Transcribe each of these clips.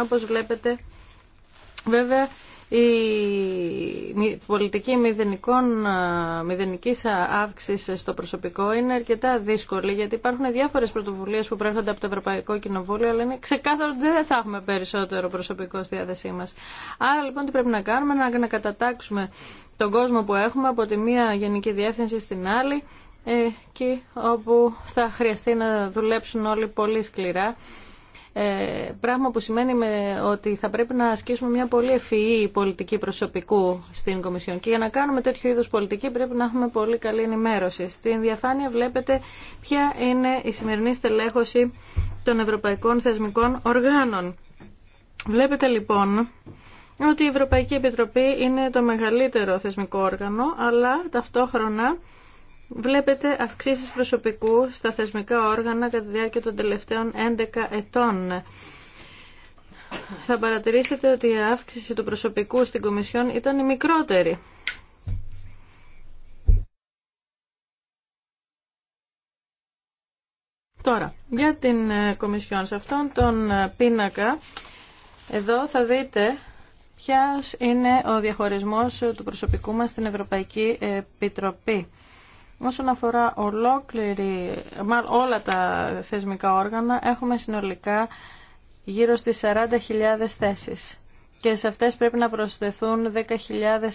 Όπως βλέπετε, βέβαια, η πολιτική μηδενικών, μηδενικής αύξηση στο προσωπικό είναι αρκετά δύσκολη γιατί υπάρχουν διάφορες πρωτοβουλίες που προέρχονται από το Ευρωπαϊκό Κοινοβούλιο αλλά είναι ξεκάθαρο ότι δεν θα έχουμε περισσότερο προσωπικό στη διάθεσή μας. Άρα λοιπόν τι πρέπει να κάνουμε να, να κατατάξουμε τον κόσμο που έχουμε από τη μία γενική διεύθυνση στην άλλη ε, εκεί όπου θα χρειαστεί να δουλέψουν όλοι πολύ σκληρά ε, πράγμα που σημαίνει με, ότι θα πρέπει να ασκήσουμε μια πολύ ευφυή πολιτική προσωπικού στην Κομισιόν. Και για να κάνουμε τέτοιο είδους πολιτική πρέπει να έχουμε πολύ καλή ενημέρωση. Στην διαφάνεια βλέπετε ποια είναι η σημερινή στελέχωση των ευρωπαϊκών θεσμικών οργάνων. Βλέπετε λοιπόν ότι η Ευρωπαϊκή Επιτροπή είναι το μεγαλύτερο θεσμικό όργανο, αλλά ταυτόχρονα βλέπετε αυξήσεις προσωπικού στα θεσμικά όργανα κατά τη διάρκεια των τελευταίων 11 ετών. Θα παρατηρήσετε ότι η αύξηση του προσωπικού στην Κομισιόν ήταν η μικρότερη. Τώρα, για την ε, Κομισιόν, σε αυτόν τον ε, πίνακα, εδώ θα δείτε ποιος είναι ο διαχωρισμός ε, του προσωπικού μας στην Ευρωπαϊκή Επιτροπή. Όσον αφορά ολόκληρη, όλα τα θεσμικά όργανα, έχουμε συνολικά γύρω στις 40.000 θέσεις. Και σε αυτές πρέπει να προσθεθούν 10.000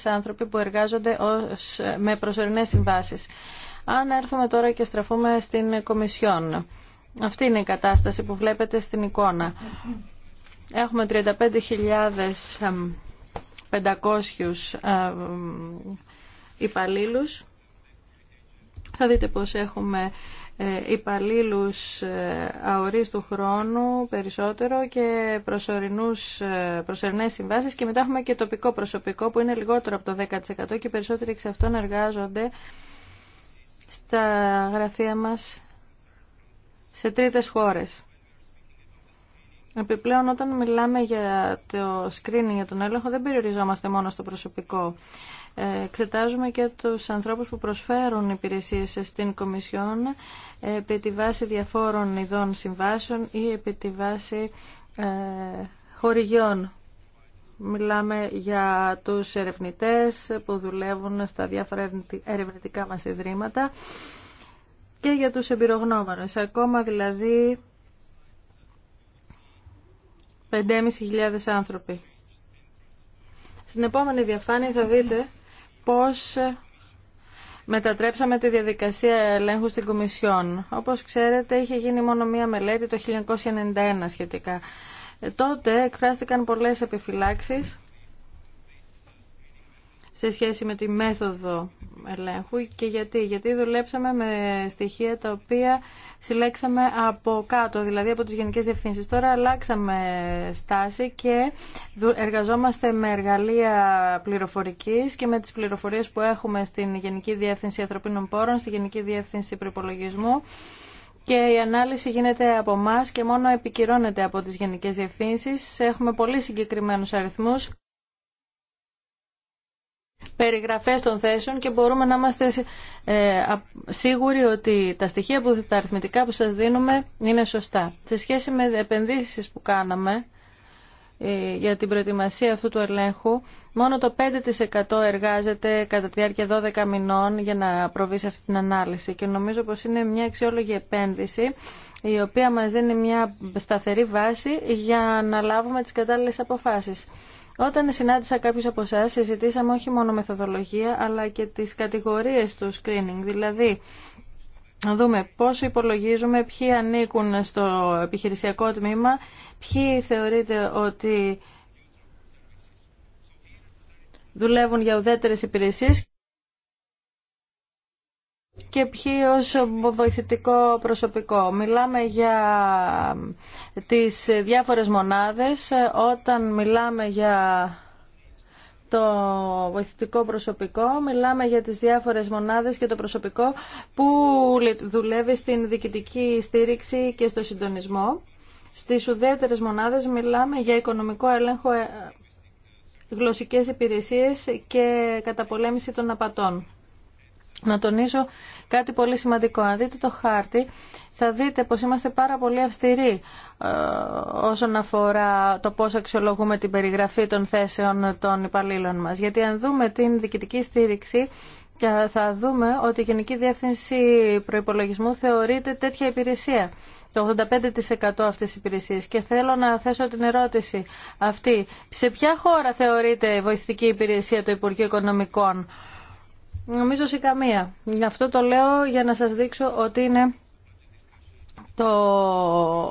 άνθρωποι που εργάζονται ως, με προσωρινές συμβάσεις. Αν έρθουμε τώρα και στραφούμε στην Κομισιόν. Αυτή είναι η κατάσταση που βλέπετε στην εικόνα. Έχουμε 35.500 ε, υπαλλήλους θα δείτε πως έχουμε ε, υπαλλήλου ε, αορίστου χρόνου περισσότερο και προσωρινούς, ε, προσωρινές συμβάσεις και μετά έχουμε και τοπικό προσωπικό που είναι λιγότερο από το 10% και περισσότεροι εξ αυτών εργάζονται στα γραφεία μας σε τρίτες χώρες. Επιπλέον, όταν μιλάμε για το screening, για τον έλεγχο, δεν περιοριζόμαστε μόνο στο προσωπικό εξετάζουμε και τους ανθρώπους που προσφέρουν υπηρεσίες στην Κομισιόν επί τη βάση διαφόρων ειδών συμβάσεων ή επί τη βάση ε, χορηγιών. Μιλάμε για τους ερευνητές που δουλεύουν στα διάφορα ερευνητικά μας ιδρύματα και για τους εμπειρογνώμονες. Ακόμα δηλαδή 5.500 άνθρωποι. Στην επόμενη διαφάνεια θα δείτε πώς μετατρέψαμε τη διαδικασία ελέγχου στην Κομισιόν. Όπως ξέρετε, είχε γίνει μόνο μία μελέτη το 1991 σχετικά. Ε, τότε εκφράστηκαν πολλές επιφυλάξεις σε σχέση με τη μέθοδο ελέγχου και γιατί. Γιατί δουλέψαμε με στοιχεία τα οποία συλλέξαμε από κάτω, δηλαδή από τις γενικές διευθύνσεις. Τώρα αλλάξαμε στάση και εργαζόμαστε με εργαλεία πληροφορικής και με τις πληροφορίες που έχουμε στην Γενική Διεύθυνση Ανθρωπίνων Πόρων, στη Γενική Διεύθυνση Προπολογισμού και η ανάλυση γίνεται από εμά και μόνο επικυρώνεται από τις Γενικές Διευθύνσεις. Έχουμε πολύ συγκεκριμένους αριθμούς περιγραφές των θέσεων και μπορούμε να είμαστε ε, σίγουροι ότι τα στοιχεία, που, τα αριθμητικά που σας δίνουμε είναι σωστά. Σε σχέση με επενδύσεις που κάναμε, ε, για την προετοιμασία αυτού του ελέγχου. Μόνο το 5% εργάζεται κατά τη διάρκεια 12 μηνών για να προβεί σε αυτή την ανάλυση και νομίζω πως είναι μια αξιόλογη επένδυση η οποία μας δίνει μια σταθερή βάση για να λάβουμε τις κατάλληλες αποφάσεις. Όταν συνάντησα κάποιους από εσά, συζητήσαμε όχι μόνο μεθοδολογία, αλλά και τις κατηγορίες του screening. Δηλαδή, να δούμε πόσο υπολογίζουμε, ποιοι ανήκουν στο επιχειρησιακό τμήμα, ποιοι θεωρείται ότι δουλεύουν για ουδέτερες υπηρεσίες και ποιοι ως βοηθητικό προσωπικό. Μιλάμε για τις διάφορες μονάδες. Όταν μιλάμε για το βοηθητικό προσωπικό, μιλάμε για τις διάφορες μονάδες και το προσωπικό που δουλεύει στην διοικητική στήριξη και στο συντονισμό. Στις ουδέτερες μονάδες μιλάμε για οικονομικό έλεγχο ε, γλωσσικές υπηρεσίες και καταπολέμηση των απατών να τονίσω κάτι πολύ σημαντικό. Αν δείτε το χάρτη, θα δείτε πως είμαστε πάρα πολύ αυστηροί ε, όσον αφορά το πώς αξιολογούμε την περιγραφή των θέσεων των υπαλλήλων μας. Γιατί αν δούμε την διοικητική στήριξη, θα δούμε ότι η Γενική Διεύθυνση Προϋπολογισμού θεωρείται τέτοια υπηρεσία το 85% αυτής της υπηρεσίας και θέλω να θέσω την ερώτηση αυτή. Σε ποια χώρα θεωρείται βοηθητική υπηρεσία το Υπουργείο Οικονομικών Νομίζω σε καμία. Γι' αυτό το λέω για να σας δείξω ότι είναι το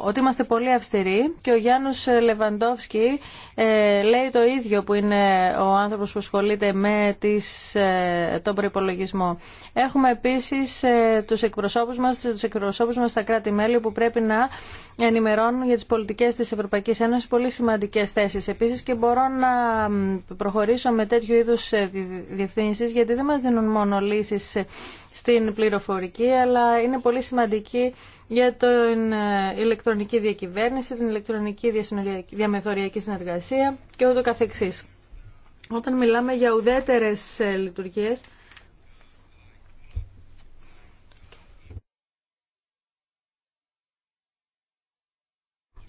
ότι είμαστε πολύ αυστηροί και ο Γιάννος Λεβαντόφσκι ε, λέει το ίδιο που είναι ο άνθρωπος που ασχολείται με τις, ε, τον προπολογισμό. Έχουμε επίσης ε, τους εκπροσώπους μας, τους εκπροσώπους μας στα κράτη-μέλη που πρέπει να ενημερώνουν για τις πολιτικές της Ευρωπαϊκής Ένωσης πολύ σημαντικές θέσεις. Επίσης και μπορώ να προχωρήσω με τέτοιου είδους διευθύνσεις γιατί δεν μας δίνουν μόνο λύσεις στην πληροφορική αλλά είναι πολύ σημαντική για το την ε, ηλεκτρονική διακυβέρνηση, την ηλεκτρονική διαμεθοριακή συνεργασία και ούτω καθεξής. Όταν μιλάμε για ουδέτερες ε, λειτουργίες,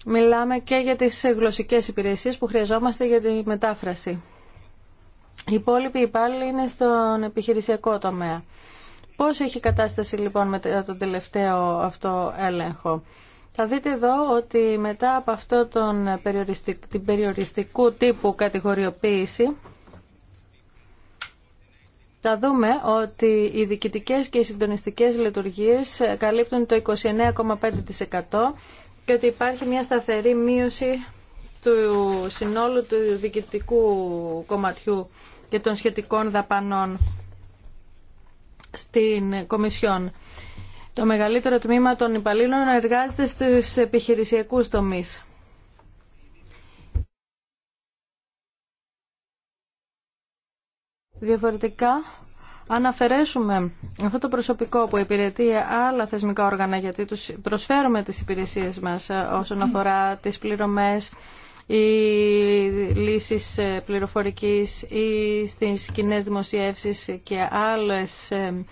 Μιλάμε και για τις γλωσσικές υπηρεσίες που χρειαζόμαστε για τη μετάφραση. Οι υπόλοιποι υπάλληλοι είναι στον επιχειρησιακό τομέα. Πώς έχει κατάσταση λοιπόν μετά τον τελευταίο αυτό έλεγχο. Θα δείτε εδώ ότι μετά από αυτό τον περιοριστικ... την περιοριστικού τύπου κατηγοριοποίηση θα δούμε ότι οι διοικητικές και οι συντονιστικές λειτουργίες καλύπτουν το 29,5% και ότι υπάρχει μια σταθερή μείωση του συνόλου του διοικητικού κομματιού και των σχετικών δαπανών στην Κομισιόν. Το μεγαλύτερο τμήμα των υπαλλήλων εργάζεται στους επιχειρησιακούς τομείς. Διαφορετικά, αν αφαιρέσουμε αυτό το προσωπικό που υπηρετεί άλλα θεσμικά όργανα, γιατί τους προσφέρουμε τις υπηρεσίες μας ε, όσον αφορά τις πληρωμές, οι λύσεις ε, πληροφορικής ή στις κοινέ δημοσιεύσεις και άλλες ε,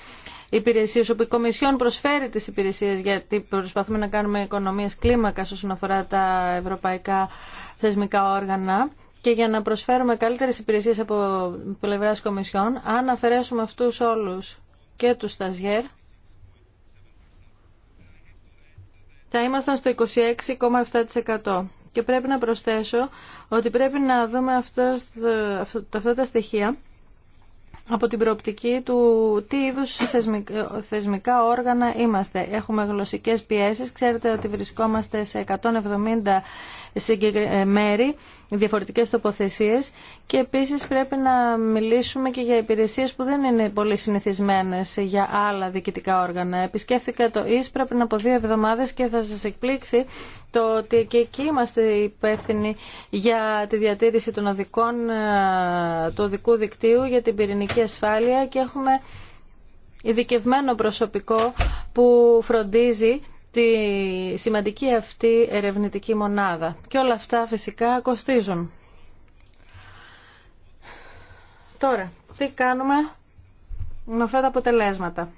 υπηρεσίες όπου η Κομισιόν προσφέρει τις υπηρεσίες γιατί προσπαθούμε να κάνουμε οικονομίες κλίμακας όσον αφορά τα ευρωπαϊκά θεσμικά όργανα και για να προσφέρουμε καλύτερες υπηρεσίες από πλευράς Κομισιόν αν αφαιρέσουμε αυτούς όλους και τους σταζιέρ θα ήμασταν στο 26,7%. Και πρέπει να προσθέσω ότι πρέπει να δούμε αυτό, αυτά τα στοιχεία από την προοπτική του τι είδους θεσμικά, θεσμικά όργανα είμαστε. Έχουμε γλωσσικές πιέσεις. Ξέρετε ότι βρισκόμαστε σε 170 ε, μέρη, διαφορετικές τοποθεσίες και επίσης πρέπει να μιλήσουμε και για υπηρεσίες που δεν είναι πολύ συνηθισμένες για άλλα διοικητικά όργανα. Επισκέφθηκα το ΙΣ πριν από δύο εβδομάδες και θα σας εκπλήξει το ότι και εκεί είμαστε υπεύθυνοι για τη διατήρηση των οδικών, ε, του οδικού δικτύου, για την πυρηνική ασφάλεια και έχουμε ειδικευμένο προσωπικό που φροντίζει τη σημαντική αυτή ερευνητική μονάδα. Και όλα αυτά φυσικά κοστίζουν. Τώρα, τι κάνουμε με αυτά τα αποτελέσματα.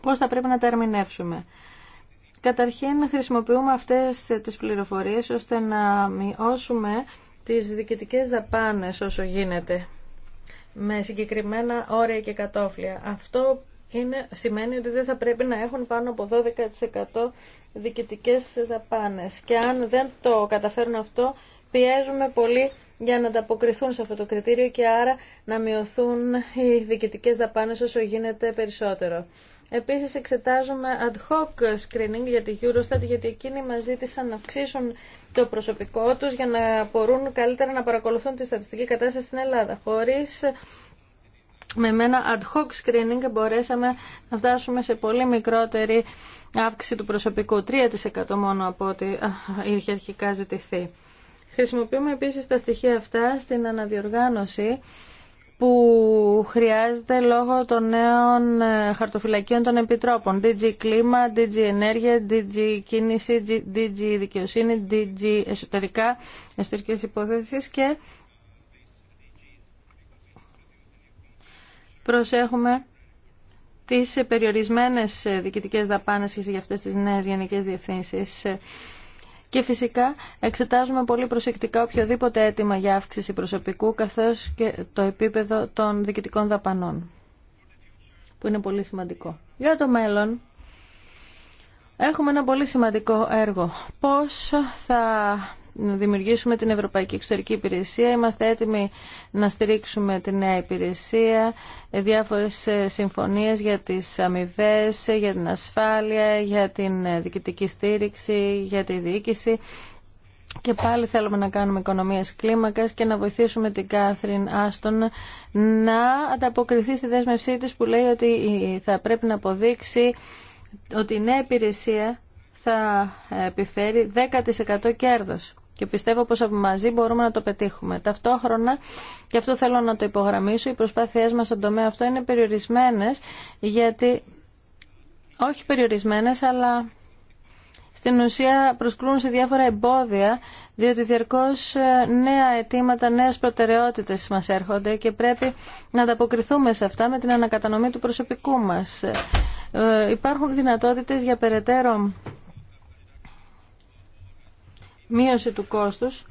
Πώς θα πρέπει να τα ερμηνεύσουμε. Καταρχήν χρησιμοποιούμε αυτές τις πληροφορίες ώστε να μειώσουμε τις διοικητικές δαπάνες όσο γίνεται με συγκεκριμένα όρια και κατόφλια. Αυτό είναι, σημαίνει ότι δεν θα πρέπει να έχουν πάνω από 12% διοικητικές δαπάνες. Και αν δεν το καταφέρουν αυτό, πιέζουμε πολύ για να ανταποκριθούν σε αυτό το κριτήριο και άρα να μειωθούν οι διοικητικές δαπάνες όσο γίνεται περισσότερο. Επίσης εξετάζουμε ad hoc screening για τη Eurostat γιατί εκείνοι μας ζήτησαν να αυξήσουν το προσωπικό τους για να μπορούν καλύτερα να παρακολουθούν τη στατιστική κατάσταση στην Ελλάδα χωρίς με ένα ad hoc screening μπορέσαμε να φτάσουμε σε πολύ μικρότερη αύξηση του προσωπικού, 3% μόνο από ό,τι είχε αρχικά ζητηθεί. Χρησιμοποιούμε επίσης τα στοιχεία αυτά στην αναδιοργάνωση που χρειάζεται λόγω των νέων ε, χαρτοφυλακίων των επιτρόπων. DG Κλίμα, DG Ενέργεια, DG Κίνηση, DG Δικαιοσύνη, DG Εσωτερικά, Εσωτερικές Υπόθεσεις και προσέχουμε τις περιορισμένες διοικητικές δαπάνες για αυτές τις νέες γενικές διευθύνσεις. Και φυσικά εξετάζουμε πολύ προσεκτικά οποιοδήποτε αίτημα για αύξηση προσωπικού καθώς και το επίπεδο των διοικητικών δαπανών, που είναι πολύ σημαντικό. Για το μέλλον, έχουμε ένα πολύ σημαντικό έργο. Πώς θα να δημιουργήσουμε την Ευρωπαϊκή Εξωτερική Υπηρεσία. Είμαστε έτοιμοι να στηρίξουμε τη νέα υπηρεσία, ε, διάφορες ε, συμφωνίες για τις αμοιβέ, ε, για την ασφάλεια, για την διοικητική στήριξη, για τη διοίκηση. Και πάλι θέλουμε να κάνουμε οικονομίες κλίμακας και να βοηθήσουμε την Κάθριν Άστον να ανταποκριθεί στη δέσμευσή της που λέει ότι θα πρέπει να αποδείξει ότι η νέα υπηρεσία θα επιφέρει 10% κέρδος και πιστεύω πως μαζί μπορούμε να το πετύχουμε. Ταυτόχρονα, και αυτό θέλω να το υπογραμμίσω, οι προσπάθειές μας στον τομέα αυτό είναι περιορισμένες, γιατί όχι περιορισμένες, αλλά στην ουσία προσκλούν σε διάφορα εμπόδια, διότι διαρκώς ε, νέα αιτήματα, νέες προτεραιότητες μας έρχονται και πρέπει να ανταποκριθούμε σε αυτά με την ανακατανομή του προσωπικού μας. Ε, ε, υπάρχουν δυνατότητες για περαιτέρω μείωση του κόστους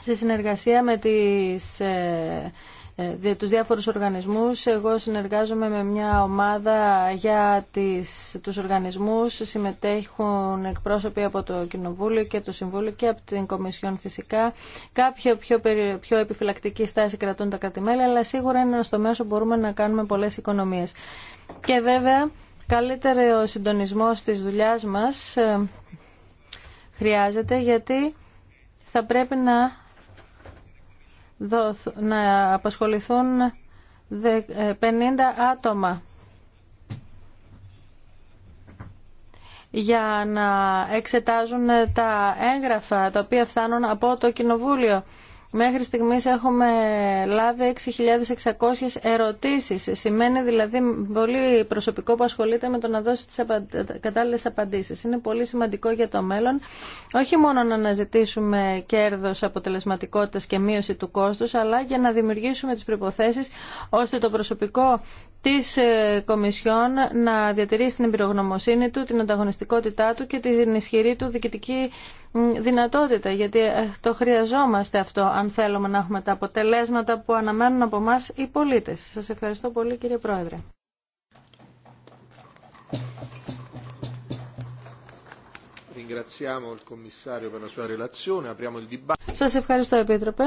σε συνεργασία με τις ε, ε, τους διάφορους οργανισμούς. Εγώ συνεργάζομαι με μια ομάδα για τις, τους οργανισμούς. Συμμετέχουν εκπρόσωποι από το Κοινοβούλιο και το Συμβούλιο και από την Κομισιόν φυσικά. Κάποια πιο, πιο επιφυλακτική στάση κρατούν τα κρατημέλη, αλλά σίγουρα είναι ένα τομέα όπου μπορούμε να κάνουμε πολλές οικονομίες. Και βέβαια, καλύτερο συντονισμός της δουλειά μας ε, χρειάζεται γιατί θα πρέπει να, να απασχοληθούν 50 ε, άτομα για να εξετάζουν τα έγγραφα τα οποία φτάνουν από το Κοινοβούλιο. Μέχρι στιγμής έχουμε λάβει 6.600 ερωτήσεις. Σημαίνει δηλαδή πολύ προσωπικό που ασχολείται με το να δώσει τις κατάλληλες απαντήσεις. Είναι πολύ σημαντικό για το μέλλον όχι μόνο να αναζητήσουμε κέρδος αποτελεσματικότητας και μείωση του κόστους αλλά για να δημιουργήσουμε τις προϋποθέσεις ώστε το προσωπικό της ε, Κομισιόν να διατηρήσει την εμπειρογνωμοσύνη του, την ανταγωνιστικότητά του και την ισχυρή του διοικητική δυνατότητα, γιατί ε, το χρειαζόμαστε αυτό αν θέλουμε να έχουμε τα αποτελέσματα που αναμένουν από εμά οι πολίτες. Σας ευχαριστώ πολύ κύριε Πρόεδρε. Σας ευχαριστώ Επίτροπε.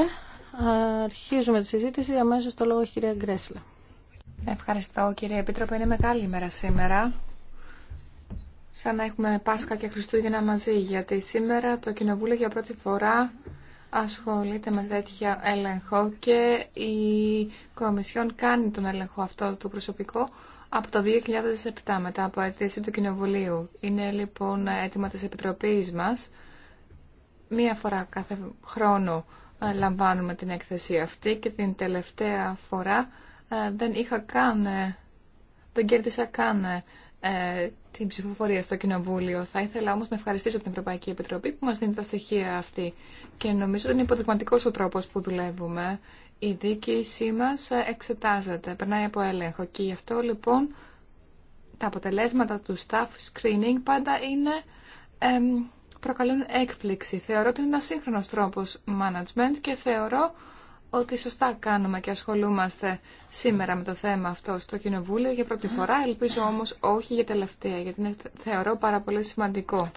Αρχίζουμε τη συζήτηση. Αμέσως το λόγο έχει κυρία Γκρέσλα. Ευχαριστώ κύριε Επίτροπε. Είναι μεγάλη ημέρα σήμερα. Σαν να έχουμε Πάσχα και Χριστούγεννα μαζί, γιατί σήμερα το Κοινοβούλιο για πρώτη φορά ασχολείται με τέτοια έλεγχο και η Κομισιόν κάνει τον έλεγχο αυτό του προσωπικού από το 2007 μετά από αίτηση του Κοινοβουλίου. Είναι λοιπόν έτοιμα της Επιτροπής μας. Μία φορά κάθε χρόνο ε, λαμβάνουμε την έκθεση αυτή και την τελευταία φορά ε, δεν είχα καν, ε, δεν κέρδισα καν ε, την ψηφοφορία στο Κοινοβούλιο. Θα ήθελα όμως να ευχαριστήσω την Ευρωπαϊκή Επιτροπή που μας δίνει τα στοιχεία αυτή. Και νομίζω ότι είναι υποδειγματικός ο τρόπος που δουλεύουμε. Η δίκησή μας εξετάζεται, περνάει από έλεγχο. Και γι' αυτό λοιπόν τα αποτελέσματα του staff screening πάντα είναι, προκαλούν έκπληξη. Θεωρώ ότι είναι ένα σύγχρονος τρόπος management και θεωρώ ότι σωστά κάνουμε και ασχολούμαστε σήμερα με το θέμα αυτό στο Κοινοβούλιο για πρώτη φορά, ελπίζω όμως όχι για τελευταία, γιατί είναι, θεωρώ πάρα πολύ σημαντικό.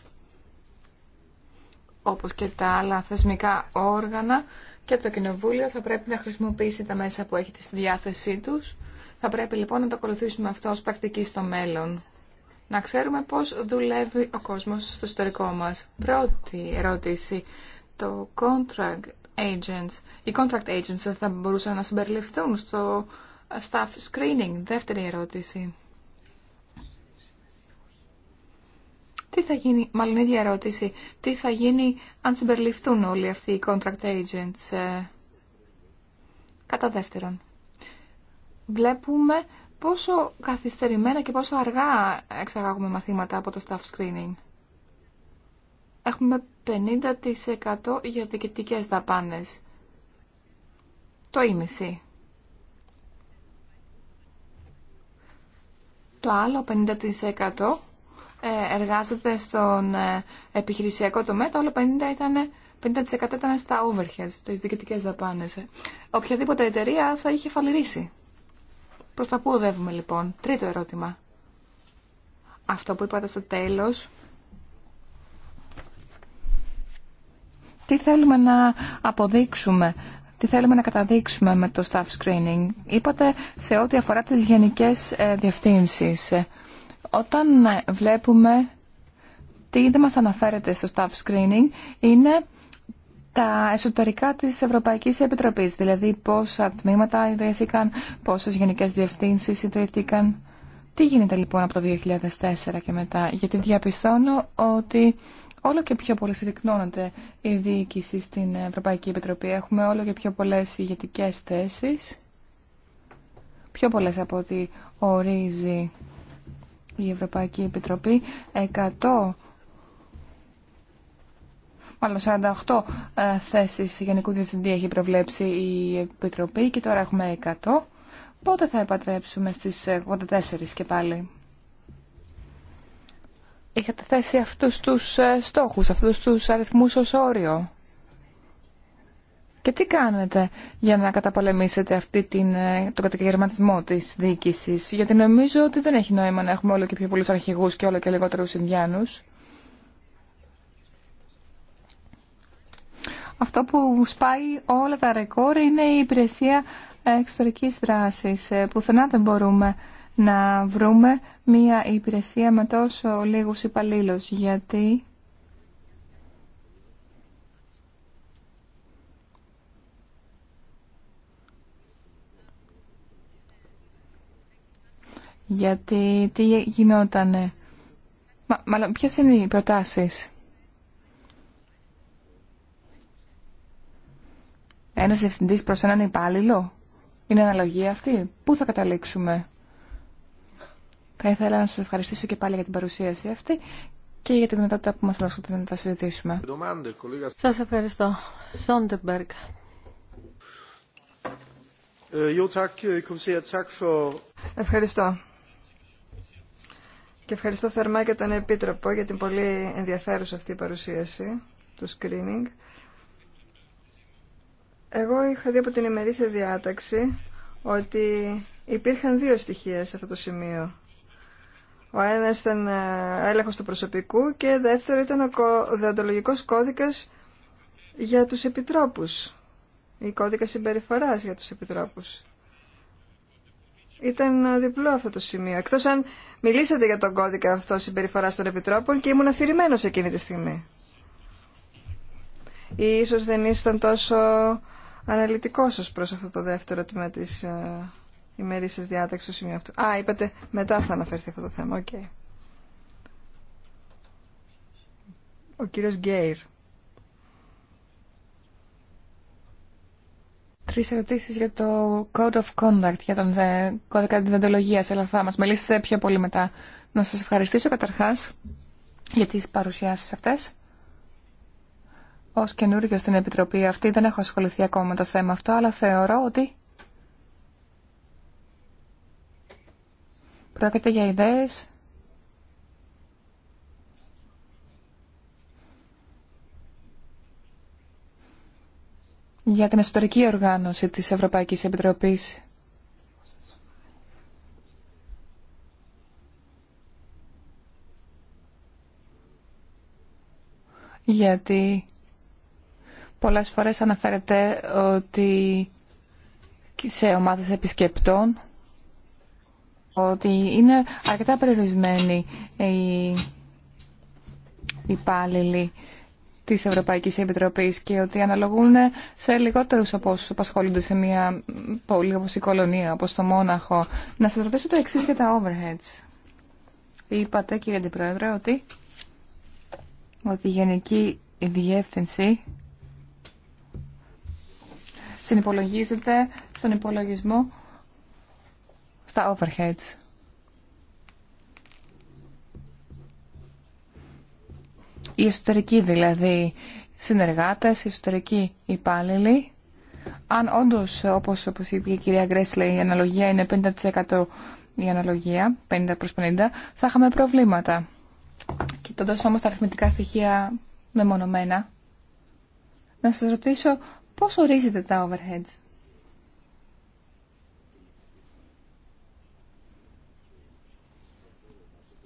Όπως και τα άλλα θεσμικά όργανα και το Κοινοβούλιο θα πρέπει να χρησιμοποιήσει τα μέσα που έχει στη διάθεσή τους. Θα πρέπει λοιπόν να το ακολουθήσουμε αυτό ως πρακτική στο μέλλον. Να ξέρουμε πώς δουλεύει ο κόσμος στο ιστορικό μας. Πρώτη ερώτηση. Το contract agents, οι contract agents δεν θα μπορούσαν να συμπεριληφθούν στο ε, staff screening. Δεύτερη ερώτηση. Τι θα γίνει, μάλλον ίδια ερώτηση, τι θα γίνει αν συμπεριληφθούν όλοι αυτοί οι contract agents. Ε, κατά δεύτερον, βλέπουμε πόσο καθυστερημένα και πόσο αργά εξαγάγουμε μαθήματα από το staff screening έχουμε 50% για διοικητικές δαπάνες. Το ίμιση. Το άλλο 50% ε, εργάζεται στον ε, επιχειρησιακό τομέα, το άλλο 50% ήταν 50% ήταν στα overheads, στις διοικητικές δαπάνες. Ε, οποιαδήποτε εταιρεία θα είχε φαλυρίσει. Προς τα πού οδεύουμε λοιπόν. Τρίτο ερώτημα. Αυτό που είπατε στο τέλος τι θέλουμε να αποδείξουμε, τι θέλουμε να καταδείξουμε με το staff screening. Είπατε σε ό,τι αφορά τις γενικές ε, διευθύνσεις. Ε, όταν βλέπουμε τι δεν μας αναφέρεται στο staff screening είναι τα εσωτερικά της Ευρωπαϊκής Επιτροπής, δηλαδή πόσα τμήματα ιδρύθηκαν, πόσες γενικές διευθύνσεις ιδρύθηκαν. Τι γίνεται λοιπόν από το 2004 και μετά, γιατί διαπιστώνω ότι όλο και πιο πολύ συρρυκνώνεται η διοίκηση στην Ευρωπαϊκή Επιτροπή. Έχουμε όλο και πιο πολλές ηγετικέ θέσεις, πιο πολλές από ό,τι ορίζει η Ευρωπαϊκή Επιτροπή. 100 Μάλλον 48 ε, θέσεις Γενικού Διευθυντή έχει προβλέψει η Επιτροπή και τώρα έχουμε 100. Πότε θα επατρέψουμε στις 84 και πάλι είχατε θέσει αυτούς τους ε, στόχους, αυτούς τους αριθμούς ως όριο. Και τι κάνετε για να καταπολεμήσετε αυτή την, ε, τον κατακαιρματισμό της διοίκησης, γιατί νομίζω ότι δεν έχει νόημα να έχουμε όλο και πιο πολλούς αρχηγούς και όλο και λιγότερους Ινδιάνους. Αυτό που σπάει όλα τα ρεκόρ είναι η υπηρεσία εξωτερικής δράσης. Ε, πουθενά δεν μπορούμε να βρούμε μία υπηρεσία με τόσο λίγους υπαλλήλους, γιατί Γιατί τι γινότανε. Μα, μάλλον, ποιες είναι οι προτάσεις. Ένας διευθυντής προς έναν υπάλληλο. Είναι αναλογία αυτή. Πού θα καταλήξουμε. Θα ήθελα να σας ευχαριστήσω και πάλι για την παρουσίαση αυτή και για τη δυνατότητα που μας δώσατε να τα συζητήσουμε. Σας ευχαριστώ. Ε, ε, Σόντεμπεργκ. Ευχαριστώ. Και ευχαριστώ θερμά και τον Επίτροπο για την πολύ ενδιαφέρουσα αυτή παρουσίαση του screening. Εγώ είχα δει από την ημερήσια διάταξη ότι υπήρχαν δύο στοιχεία σε αυτό το σημείο ο ένα ήταν ε, έλεγχο του προσωπικού και δεύτερο ήταν ο δεοντολογικό κώδικα για του επιτρόπου. Η κώδικα συμπεριφορά για του επιτρόπου. Ήταν ε, διπλό αυτό το σημείο. Εκτό αν μιλήσατε για τον κώδικα αυτό συμπεριφορά των επιτρόπων και ήμουν αφηρημένο εκείνη τη στιγμή. Ή ίσως δεν ήσταν τόσο αναλυτικός ως προς αυτό το δεύτερο τμήμα της ε, η σα διάταξη στο σημείο αυτό. Α, είπατε μετά θα αναφερθεί αυτό το θέμα. Οκ. Ο κύριος Γκέιρ. Τρει ερωτήσει για το Code of Conduct, για τον κώδικα διδαντολογία. Αλλά θα μα μιλήσετε πιο πολύ μετά. Να σα ευχαριστήσω καταρχά για τι παρουσιάσει αυτέ. Ω καινούριο στην Επιτροπή αυτή δεν έχω ασχοληθεί ακόμα με το θέμα αυτό, αλλά θεωρώ ότι Πρόκειται για ιδέες για την εσωτερική οργάνωση της Ευρωπαϊκής Επιτροπής. Γιατί πολλές φορές αναφέρεται ότι σε ομάδες επισκεπτών ότι είναι αρκετά περιορισμένοι οι υπάλληλοι της Ευρωπαϊκής Επιτροπής και ότι αναλογούν σε λιγότερους από όσους απασχολούνται σε μια πόλη όπως η Κολονία, όπως το Μόναχο. Να σας ρωτήσω το εξής για τα overheads. Είπατε κύριε Αντιπρόεδρε ότι, ότι η Γενική Διεύθυνση συνυπολογίζεται στον υπολογισμό τα overheads. Οι εσωτερικοί δηλαδή συνεργάτες, οι εσωτερικοί υπάλληλοι. Αν όντως, όπως, όπως είπε η κυρία Γκρέσλε, η αναλογία είναι 50% η αναλογία, 50 προς 50, θα είχαμε προβλήματα. τότε όμως τα αριθμητικά στοιχεία μεμονωμένα, να σας ρωτήσω πώς ορίζετε τα overheads.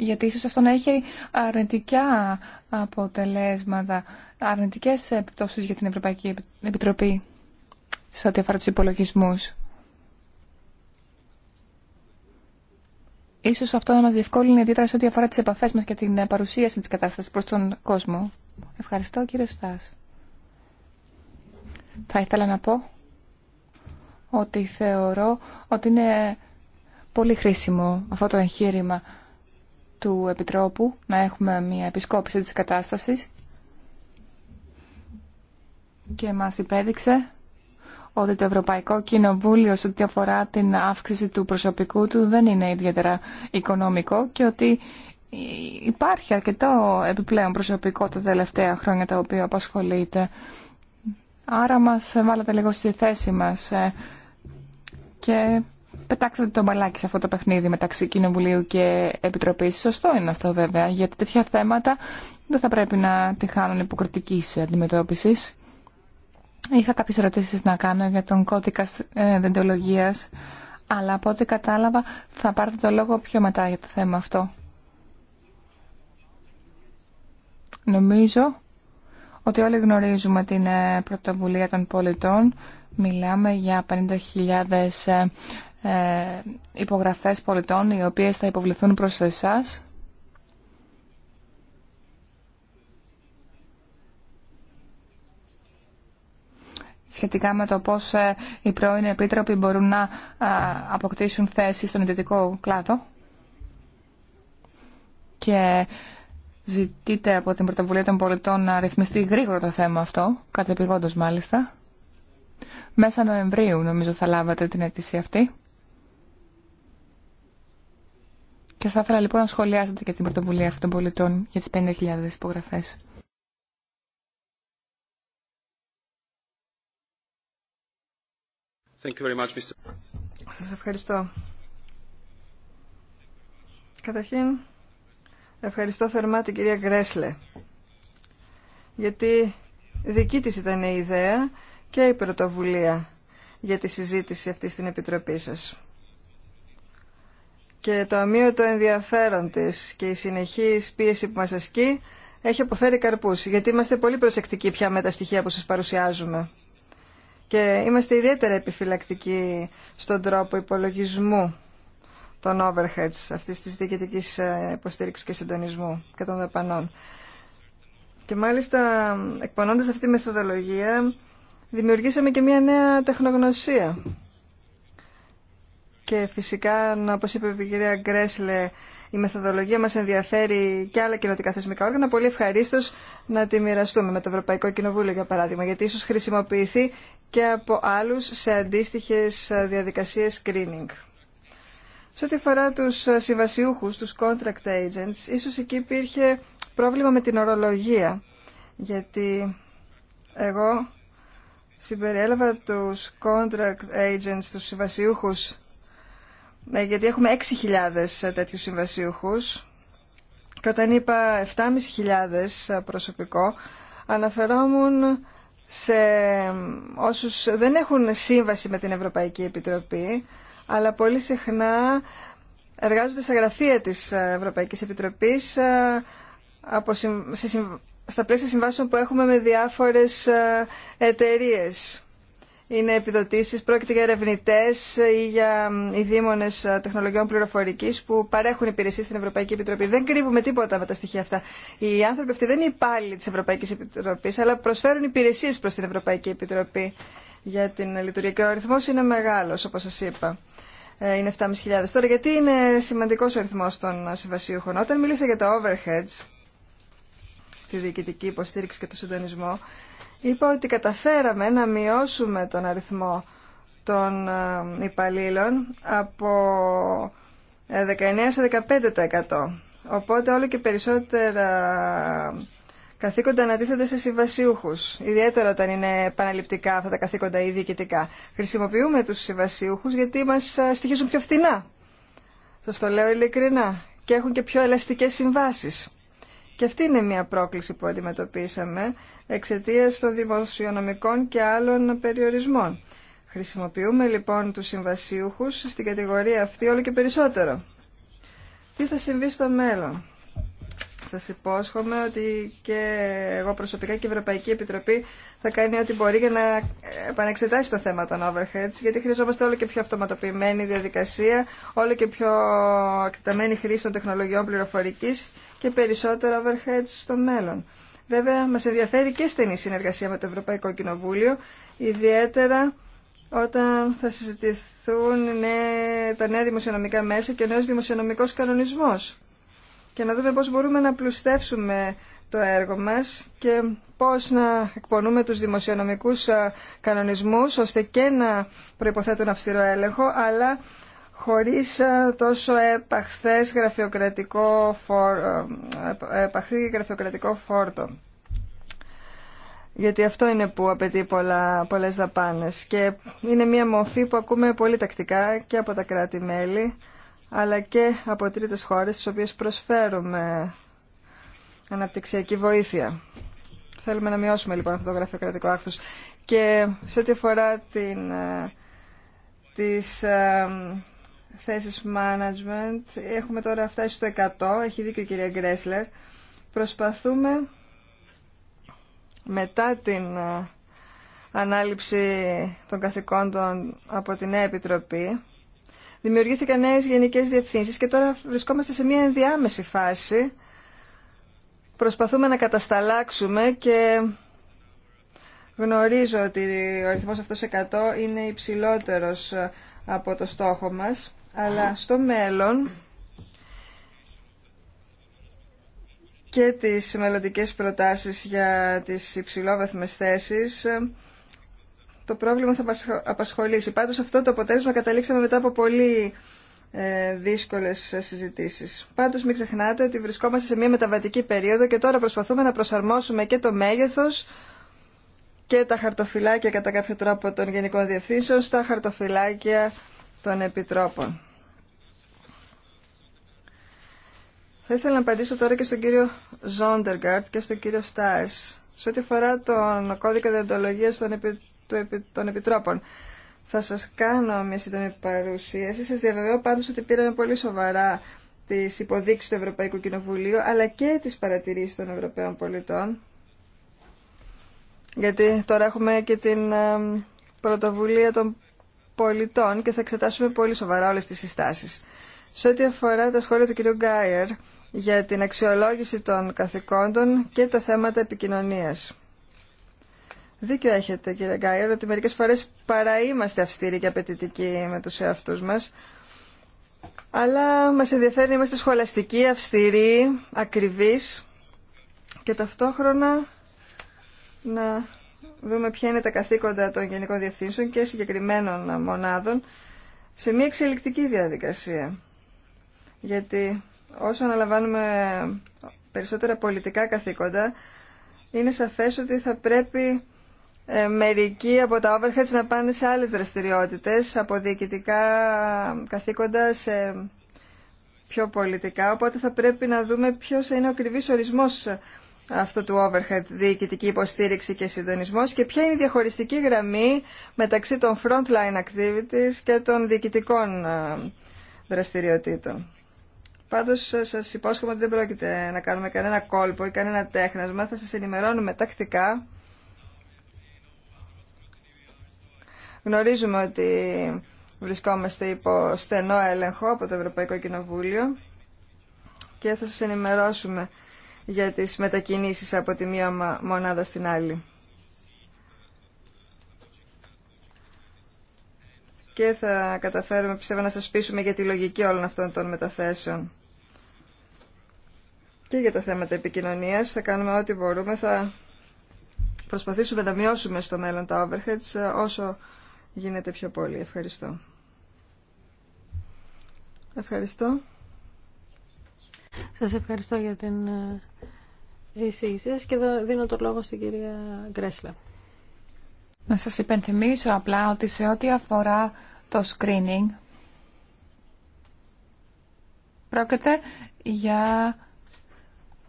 γιατί ίσως αυτό να έχει αρνητικά αποτελέσματα, αρνητικές επιπτώσεις για την Ευρωπαϊκή Επιτροπή σε ό,τι αφορά τους υπολογισμούς. Ίσως αυτό να μας διευκόλυνε ιδιαίτερα σε ό,τι αφορά τις επαφές μας και την παρουσίαση της κατάστασης προς τον κόσμο. Ευχαριστώ κύριε Στάς. Θα ήθελα να πω ότι θεωρώ ότι είναι πολύ χρήσιμο αυτό το εγχείρημα του Επιτρόπου να έχουμε μια επισκόπηση της κατάστασης και μας υπέδειξε ότι το Ευρωπαϊκό Κοινοβούλιο σε ό,τι αφορά την αύξηση του προσωπικού του δεν είναι ιδιαίτερα οικονομικό και ότι υπάρχει αρκετό επιπλέον προσωπικό τα τελευταία χρόνια τα οποία απασχολείται. Άρα μας βάλατε λίγο στη θέση μας ε, και πετάξατε το μπαλάκι σε αυτό το παιχνίδι μεταξύ Κοινοβουλίου και Επιτροπής. Σωστό είναι αυτό βέβαια, γιατί τέτοια θέματα δεν θα πρέπει να τη χάνουν υποκριτικής αντιμετώπισης. Είχα κάποιες ερωτήσει να κάνω για τον κώδικα ε, δεντολογία, αλλά από ό,τι κατάλαβα θα πάρετε το λόγο πιο μετά για το θέμα αυτό. Νομίζω ότι όλοι γνωρίζουμε την ε, πρωτοβουλία των πολιτών. Μιλάμε για 50.000 ε, υπογραφές πολιτών οι οποίες θα υποβληθούν προς εσάς. σχετικά με το πώς ε, οι πρώην επίτροποι μπορούν να ε, αποκτήσουν θέση στον ιδιωτικό κλάδο. Και ζητείτε από την Πρωτοβουλία των Πολιτών να ρυθμιστεί γρήγορα το θέμα αυτό, κατεπηγόντως μάλιστα. Μέσα Νοεμβρίου νομίζω θα λάβατε την αίτηση αυτή. Και θα ήθελα λοιπόν να σχολιάσετε και την πρωτοβουλία αυτών των πολιτών για τις 50.000 υπογραφές. Thank Σας ευχαριστώ. Καταρχήν, ευχαριστώ θερμά την κυρία Γκρέσλε, γιατί δική της ήταν η ιδέα και η πρωτοβουλία για τη συζήτηση αυτή στην Επιτροπή σας και το αμύωτο ενδιαφέρον τη και η συνεχής πίεση που μα ασκεί έχει αποφέρει καρπούς, γιατί είμαστε πολύ προσεκτικοί πια με τα στοιχεία που σα παρουσιάζουμε. Και είμαστε ιδιαίτερα επιφυλακτικοί στον τρόπο υπολογισμού των overheads αυτή της διοικητική ε, υποστήριξη και συντονισμού και των δαπανών. Και μάλιστα εκπονώντα αυτή τη μεθοδολογία δημιουργήσαμε και μια νέα τεχνογνωσία και φυσικά, όπω είπε η κυρία Γκρέσλε, η μεθοδολογία μα ενδιαφέρει και άλλα κοινοτικά θεσμικά όργανα. Πολύ ευχαρίστω να τη μοιραστούμε με το Ευρωπαϊκό Κοινοβούλιο, για παράδειγμα, γιατί ίσω χρησιμοποιηθεί και από άλλου σε αντίστοιχε διαδικασίε screening. Σε ό,τι αφορά του συμβασιούχου, του contract agents, ίσω εκεί υπήρχε πρόβλημα με την ορολογία. Γιατί εγώ συμπεριέλαβα τους contract agents, τους συμβασιούχους ναι, γιατί έχουμε 6.000 ε, τέτοιου συμβασίουχους και όταν είπα 7.500 ε, προσωπικό αναφερόμουν σε όσους δεν έχουν σύμβαση με την Ευρωπαϊκή Επιτροπή αλλά πολύ συχνά εργάζονται στα γραφεία της ε, Ευρωπαϊκής Επιτροπής στα πλαίσια συμβάσεων που έχουμε με διάφορες εταιρείες είναι επιδοτήσει, πρόκειται για ερευνητέ ή για οι δήμονε ε, τεχνολογιών πληροφορική που παρέχουν υπηρεσίε στην Ευρωπαϊκή Επιτροπή. Δεν κρύβουμε τίποτα με τα στοιχεία αυτά. Οι άνθρωποι αυτοί δεν είναι υπάλληλοι τη Ευρωπαϊκή Επιτροπή, αλλά προσφέρουν υπηρεσίε προ την Ευρωπαϊκή Επιτροπή για την λειτουργία. Και ο αριθμό είναι μεγάλο, όπω σα είπα. Ε, είναι 7.500. Τώρα, γιατί είναι σημαντικό ο αριθμό των συμβασίουχων. Όταν μίλησα για τα overheads, τη διοικητική υποστήριξη και το συντονισμό, είπα ότι καταφέραμε να μειώσουμε τον αριθμό των ε, υπαλλήλων από 19% ε, σε 15%. Οπότε όλο και περισσότερα καθήκοντα ανατίθεται σε συμβασιούχου, ιδιαίτερα όταν είναι επαναληπτικά αυτά τα καθήκοντα ή διοικητικά. Χρησιμοποιούμε του συμβασιούχου γιατί μα ε, στοιχίζουν πιο φθηνά. Σα το λέω ειλικρινά. Και έχουν και πιο ελαστικέ συμβάσει. Και αυτή είναι μια πρόκληση που αντιμετωπίσαμε εξαιτία των δημοσιονομικών και άλλων περιορισμών. Χρησιμοποιούμε λοιπόν τους συμβασίουχους στην κατηγορία αυτή όλο και περισσότερο. Τι θα συμβεί στο μέλλον. Σας υπόσχομαι ότι και εγώ προσωπικά και η Ευρωπαϊκή Επιτροπή θα κάνει ό,τι μπορεί για να επανεξετάσει το θέμα των overheads, γιατί χρειαζόμαστε όλο και πιο αυτοματοποιημένη διαδικασία, όλο και πιο εκτεταμένη χρήση των τεχνολογιών πληροφορικής και περισσότερα overheads στο μέλλον. Βέβαια, μας ενδιαφέρει και στενή συνεργασία με το Ευρωπαϊκό Κοινοβούλιο, ιδιαίτερα όταν θα συζητηθούν τα νέα δημοσιονομικά μέσα και ο νέος δημοσιονομικός κανονισμός και να δούμε πώς μπορούμε να πλουστεύσουμε το έργο μας και πώς να εκπονούμε τους δημοσιονομικούς ε, κανονισμούς ώστε και να προϋποθέτουν αυστηρό έλεγχο αλλά χωρίς ε, τόσο επαχθές γραφειοκρατικό ε, επαχθή γραφειοκρατικό φόρτο. Γιατί αυτό είναι που απαιτεί πολλά, πολλές δαπάνες και είναι μια μορφή που ακούμε πολύ τακτικά και από τα κράτη-μέλη αλλά και από τρίτες χώρες στις οποίες προσφέρουμε αναπτυξιακή βοήθεια. Θέλουμε να μειώσουμε λοιπόν αυτό το γραφειοκρατικό άκθος. Και σε ό,τι αφορά την, ε, τις ε, θέσεις management, έχουμε τώρα φτάσει στο 100, έχει δίκιο η κυρία Γκρέσλερ. Προσπαθούμε μετά την ε, ανάληψη των καθηκόντων από την Επιτροπή δημιουργήθηκαν νέε γενικέ διευθύνσει και τώρα βρισκόμαστε σε μια ενδιάμεση φάση. Προσπαθούμε να κατασταλάξουμε και γνωρίζω ότι ο αριθμός αυτός 100 είναι υψηλότερος από το στόχο μας, αλλά στο μέλλον και τις μελλοντικές προτάσεις για τις υψηλόβαθμες θέσεις το πρόβλημα θα μας απασχολήσει. Πάντως αυτό το αποτέλεσμα καταλήξαμε μετά από πολύ ε, δύσκολες συζητήσεις. Πάντως μην ξεχνάτε ότι βρισκόμαστε σε μια μεταβατική περίοδο και τώρα προσπαθούμε να προσαρμόσουμε και το μέγεθος και τα χαρτοφυλάκια κατά κάποιο τρόπο των Γενικών Διευθύνσεων στα χαρτοφυλάκια των Επιτρόπων. Θα ήθελα να απαντήσω τώρα και στον κύριο Ζόντεργαρτ και στον κύριο Στάις. Σε ό,τι αφορά τον κώδικα διοντολογίας των, επι των Επιτρόπων. Θα σα κάνω μια σύντομη παρουσίαση. Σα διαβεβαιώ πάντω ότι πήραμε πολύ σοβαρά τι υποδείξει του Ευρωπαϊκού Κοινοβουλίου αλλά και τι παρατηρήσει των Ευρωπαίων πολιτών. Γιατί τώρα έχουμε και την πρωτοβουλία των πολιτών και θα εξετάσουμε πολύ σοβαρά όλε τι συστάσει. Σε ό,τι αφορά τα σχόλια του κ. Γκάιερ για την αξιολόγηση των καθηκόντων και τα θέματα επικοινωνίας. Δίκιο έχετε κύριε Γκάιερ ότι μερικές φορές παραείμαστε αυστηροί και απαιτητικοί με τους εαυτούς μας. Αλλά μας ενδιαφέρει να είμαστε σχολαστικοί, αυστηροί, ακριβείς και ταυτόχρονα να δούμε ποια είναι τα καθήκοντα των Γενικών Διευθύνσεων και συγκεκριμένων μονάδων σε μια εξελικτική διαδικασία. Γιατί όσο αναλαμβάνουμε περισσότερα πολιτικά καθήκοντα, είναι σαφές ότι θα πρέπει ε, μερικοί από τα overheads να πάνε σε άλλες δραστηριότητες, από διοικητικά καθήκοντα σε πιο πολιτικά, οπότε θα πρέπει να δούμε ποιος είναι ο ακριβής ορισμός αυτού του overhead, διοικητική υποστήριξη και συντονισμός και ποια είναι η διαχωριστική γραμμή μεταξύ των frontline activities και των διοικητικών ε, δραστηριοτήτων. Πάντως ε, σας υπόσχομαι ότι δεν πρόκειται να κάνουμε κανένα κόλπο ή κανένα τέχνασμα, θα σας ενημερώνουμε τακτικά Γνωρίζουμε ότι βρισκόμαστε υπό στενό έλεγχο από το Ευρωπαϊκό Κοινοβούλιο και θα σας ενημερώσουμε για τις μετακινήσεις από τη μία μονάδα στην άλλη. Και θα καταφέρουμε, πιστεύω, να σας πείσουμε για τη λογική όλων αυτών των μεταθέσεων. Και για τα θέματα επικοινωνίας θα κάνουμε ό,τι μπορούμε. Θα προσπαθήσουμε να μειώσουμε στο μέλλον τα overheads ε, όσο γίνεται πιο πολύ. Ευχαριστώ. Ευχαριστώ. Σας ευχαριστώ για την ε, εισήγησή σας και δίνω το λόγο στην κυρία Γκρέσλα. Να σας υπενθυμίσω απλά ότι σε ό,τι αφορά το screening πρόκειται για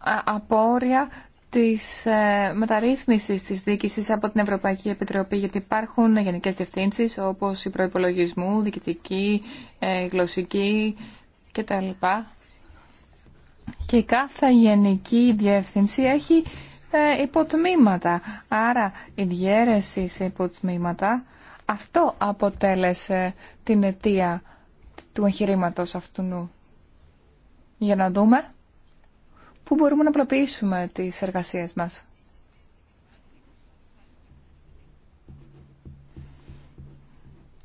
ε, απόρρια της ε, μεταρρύθμισης της διοίκησης από την Ευρωπαϊκή Επιτροπή, γιατί υπάρχουν γενικές διευθύνσεις όπως η προϋπολογισμού, διοικητική, ε, γλωσσική κτλ. Και κάθε γενική διεύθυνση έχει ε, υποτμήματα. Άρα η διέρεση σε υποτμήματα, αυτό αποτέλεσε την αιτία του εγχειρήματο αυτού. Για να δούμε πού μπορούμε να απλοποιήσουμε τις εργασίες μας.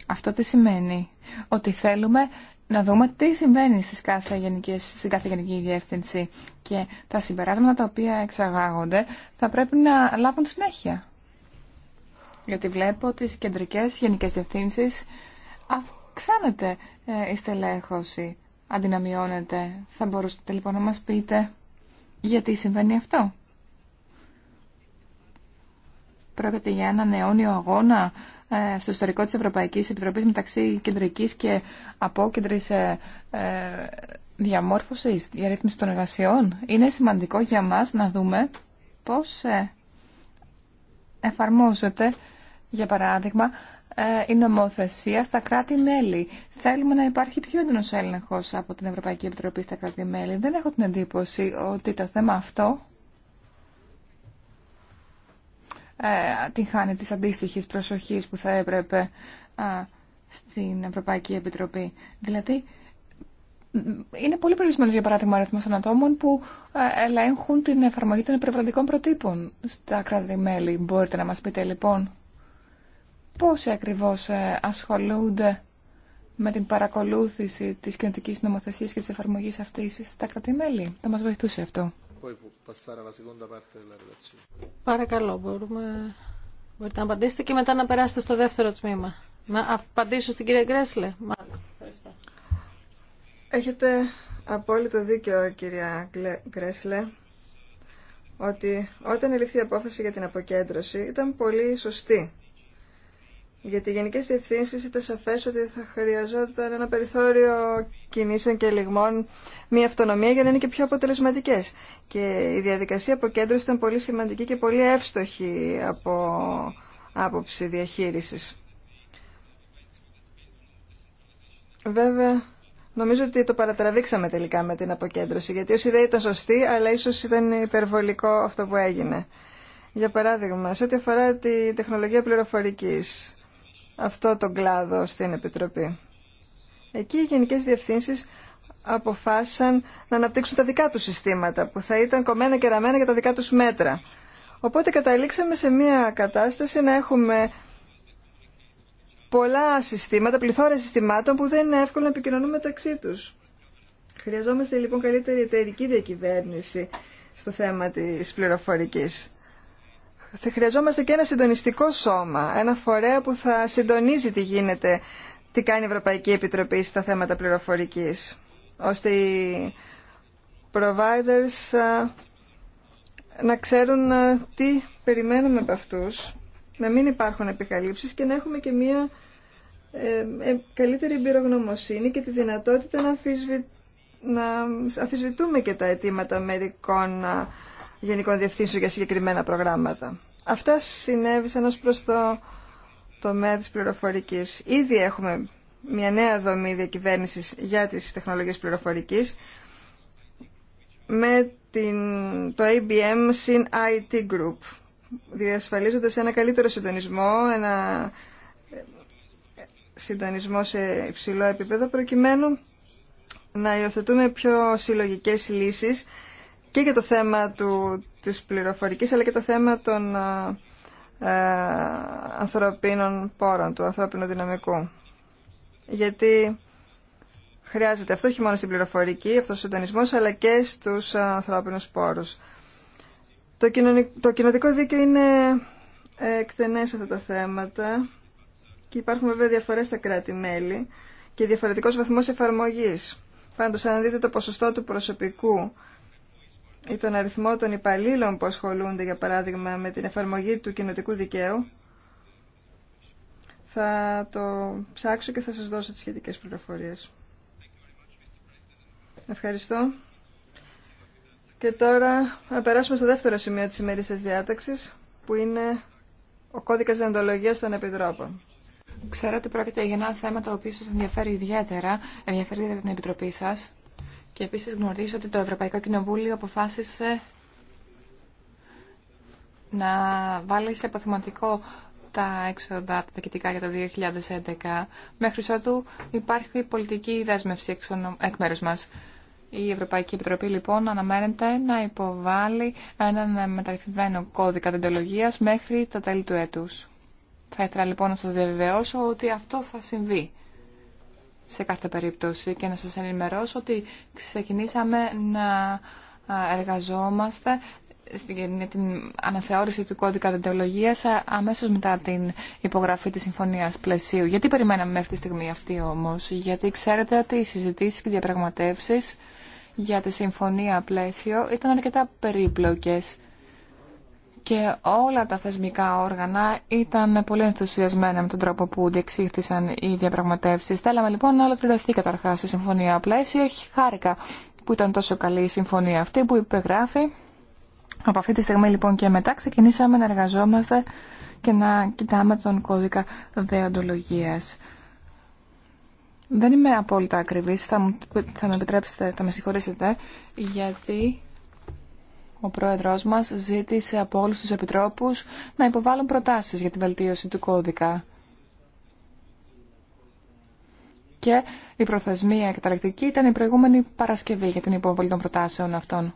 Αυτό τι σημαίνει. Ότι θέλουμε να δούμε τι συμβαίνει στις κάθε γενικές, στην κάθε γενική διεύθυνση και τα συμπεράσματα τα οποία εξαγάγονται θα πρέπει να λάβουν συνέχεια. Γιατί βλέπω ότι οι κεντρικές γενικές διευθύνσεις αυξάνεται ε, η στελέχωση, αντιναμιώνεται. Θα μπορούσατε λοιπόν να μας πείτε γιατί συμβαίνει αυτό. Πρόκειται για έναν αιώνιο αγώνα ε, στο ιστορικό της Ευρωπαϊκής Επιτροπής μεταξύ κεντρικής και απόκεντρης ε, ε, διαμόρφωσης, διαρρύθμισης των εργασιών. Είναι σημαντικό για μας να δούμε πώς εφαρμόζεται, για παράδειγμα, ε, η νομοθεσία στα κράτη-μέλη. Θέλουμε να υπάρχει πιο έντονο έλεγχο από την Ευρωπαϊκή Επιτροπή στα κράτη-μέλη. Δεν έχω την εντύπωση ότι το θέμα αυτό ε, την χάνει τη αντίστοιχη προσοχή που θα έπρεπε στην Ευρωπαϊκή Επιτροπή. Δηλαδή, είναι πολύ περιορισμένο για παράδειγμα ο αριθμό ατόμων που ε, ελέγχουν την εφαρμογή των περιβαλλοντικών προτύπων στα κράτη-μέλη. Μπορείτε να μα πείτε λοιπόν πόσοι ακριβώς ε, ασχολούνται με την παρακολούθηση της κοινωτικής νομοθεσίας και της εφαρμογής αυτής στα κρατημέλη. Θα μας βοηθούσε αυτό. Παρακαλώ, μπορούμε... μπορείτε να απαντήσετε και μετά να περάσετε στο δεύτερο τμήμα. Να απαντήσω στην κυρία Γκρέσλε. Έχετε απόλυτο δίκιο, κυρία Γκρέσλε, ότι όταν ελήφθη η απόφαση για την αποκέντρωση ήταν πολύ σωστή για τη γενικέ διευθύνσει ήταν σαφέ ότι θα χρειαζόταν ένα περιθώριο κινήσεων και λιγμών, μια αυτονομία για να είναι και πιο αποτελεσματικέ. Και η διαδικασία αποκέντρωση ήταν πολύ σημαντική και πολύ εύστοχη από άποψη διαχείριση. Βέβαια, νομίζω ότι το παρατραβήξαμε τελικά με την αποκέντρωση, γιατί ως ιδέα ήταν σωστή, αλλά ίσως ήταν υπερβολικό αυτό που έγινε. Για παράδειγμα, σε ό,τι αφορά τη τεχνολογία πληροφορικής, αυτό το κλάδο στην Επιτροπή. Εκεί οι γενικές διευθύνσεις αποφάσισαν να αναπτύξουν τα δικά τους συστήματα που θα ήταν κομμένα και ραμμένα για τα δικά τους μέτρα. Οπότε καταλήξαμε σε μια κατάσταση να έχουμε πολλά συστήματα, πληθώρα συστημάτων που δεν είναι εύκολο να επικοινωνούν μεταξύ τους. Χρειαζόμαστε λοιπόν καλύτερη εταιρική διακυβέρνηση στο θέμα της πληροφορικής θα χρειαζόμαστε και ένα συντονιστικό σώμα, ένα φορέα που θα συντονίζει τι γίνεται, τι κάνει η Ευρωπαϊκή Επιτροπή στα θέματα πληροφορικής, ώστε οι providers να ξέρουν τι περιμένουμε από αυτούς, να μην υπάρχουν επικαλύψεις και να έχουμε και μία ε, ε, καλύτερη εμπειρογνωμοσύνη και τη δυνατότητα να, αφισβητούμε να και τα αιτήματα μερικών γενικών διευθύνσεων για συγκεκριμένα προγράμματα. Αυτά συνέβησαν ως προς το τομέα της πληροφορικής. Ήδη έχουμε μια νέα δομή διακυβέρνησης για τις τεχνολογίες πληροφορικής με την, το ABM συν IT Group διασφαλίζοντας ένα καλύτερο συντονισμό, ένα συντονισμό σε υψηλό επίπεδο προκειμένου να υιοθετούμε πιο συλλογικές λύσεις και για το θέμα του, της πληροφορικής αλλά και το θέμα των ε, ε, ανθρωπίνων πόρων, του ανθρώπινου δυναμικού. Γιατί χρειάζεται αυτό όχι μόνο στην πληροφορική, αυτός ο συντονισμός, αλλά και στους ανθρώπινους πόρους. Το, το κοινωτικό δίκαιο είναι ε, εκτενές αυτά τα θέματα και υπάρχουν βέβαια διαφορές στα κράτη-μέλη και διαφορετικός βαθμός εφαρμογής. Πάντως, αν δείτε το ποσοστό του προσωπικού ή τον αριθμό των υπαλλήλων που ασχολούνται, για παράδειγμα, με την εφαρμογή του κοινοτικού δικαίου, θα το ψάξω και θα σας δώσω τις σχετικές πληροφορίες. Ευχαριστώ. Και τώρα να περάσουμε στο δεύτερο σημείο της της διάταξης, που είναι ο κώδικας διοντολογίας των επιτρόπων. Ξέρω ότι πρόκειται για ένα θέμα το οποίο σας ενδιαφέρει ιδιαίτερα, ενδιαφέρει την Επιτροπή σας. Και επίσης γνωρίζω ότι το Ευρωπαϊκό Κοινοβούλιο αποφάσισε να βάλει σε αποθυματικό τα έξοδα τα δικητικά για το 2011. Μέχρι ότου υπάρχει πολιτική δέσμευση εκ μέρους μας. Η Ευρωπαϊκή Επιτροπή λοιπόν αναμένεται να υποβάλει έναν μεταρρυθμισμένο κώδικα δεντολογίας μέχρι τα τέλη του έτους. Θα ήθελα λοιπόν να σας διαβεβαιώσω ότι αυτό θα συμβεί σε κάθε περίπτωση και να σας ενημερώσω ότι ξεκινήσαμε να εργαζόμαστε στην την αναθεώρηση του κώδικα δεντεολογίας αμέσως μετά την υπογραφή της συμφωνίας πλαισίου. Γιατί περιμέναμε μέχρι τη στιγμή αυτή όμως, γιατί ξέρετε ότι οι συζητήσεις και οι διαπραγματεύσεις για τη συμφωνία πλαίσιο ήταν αρκετά περίπλοκες και όλα τα θεσμικά όργανα ήταν πολύ ενθουσιασμένα με τον τρόπο που διεξήχθησαν οι διαπραγματεύσει. Θέλαμε λοιπόν να ολοκληρωθεί καταρχά η συμφωνία όχι Χάρηκα που ήταν τόσο καλή η συμφωνία αυτή που υπεγράφει. Από αυτή τη στιγμή λοιπόν και μετά ξεκινήσαμε να εργαζόμαστε και να κοιτάμε τον κώδικα δεοντολογίας. Δεν είμαι απόλυτα ακριβής, θα θα με επιτρέψετε, θα με συγχωρήσετε, γιατί ο πρόεδρός μας ζήτησε από όλους τους επιτρόπους να υποβάλουν προτάσεις για την βελτίωση του κώδικα. Και η προθεσμία καταλεκτική ήταν η προηγούμενη Παρασκευή για την υποβολή των προτάσεων αυτών.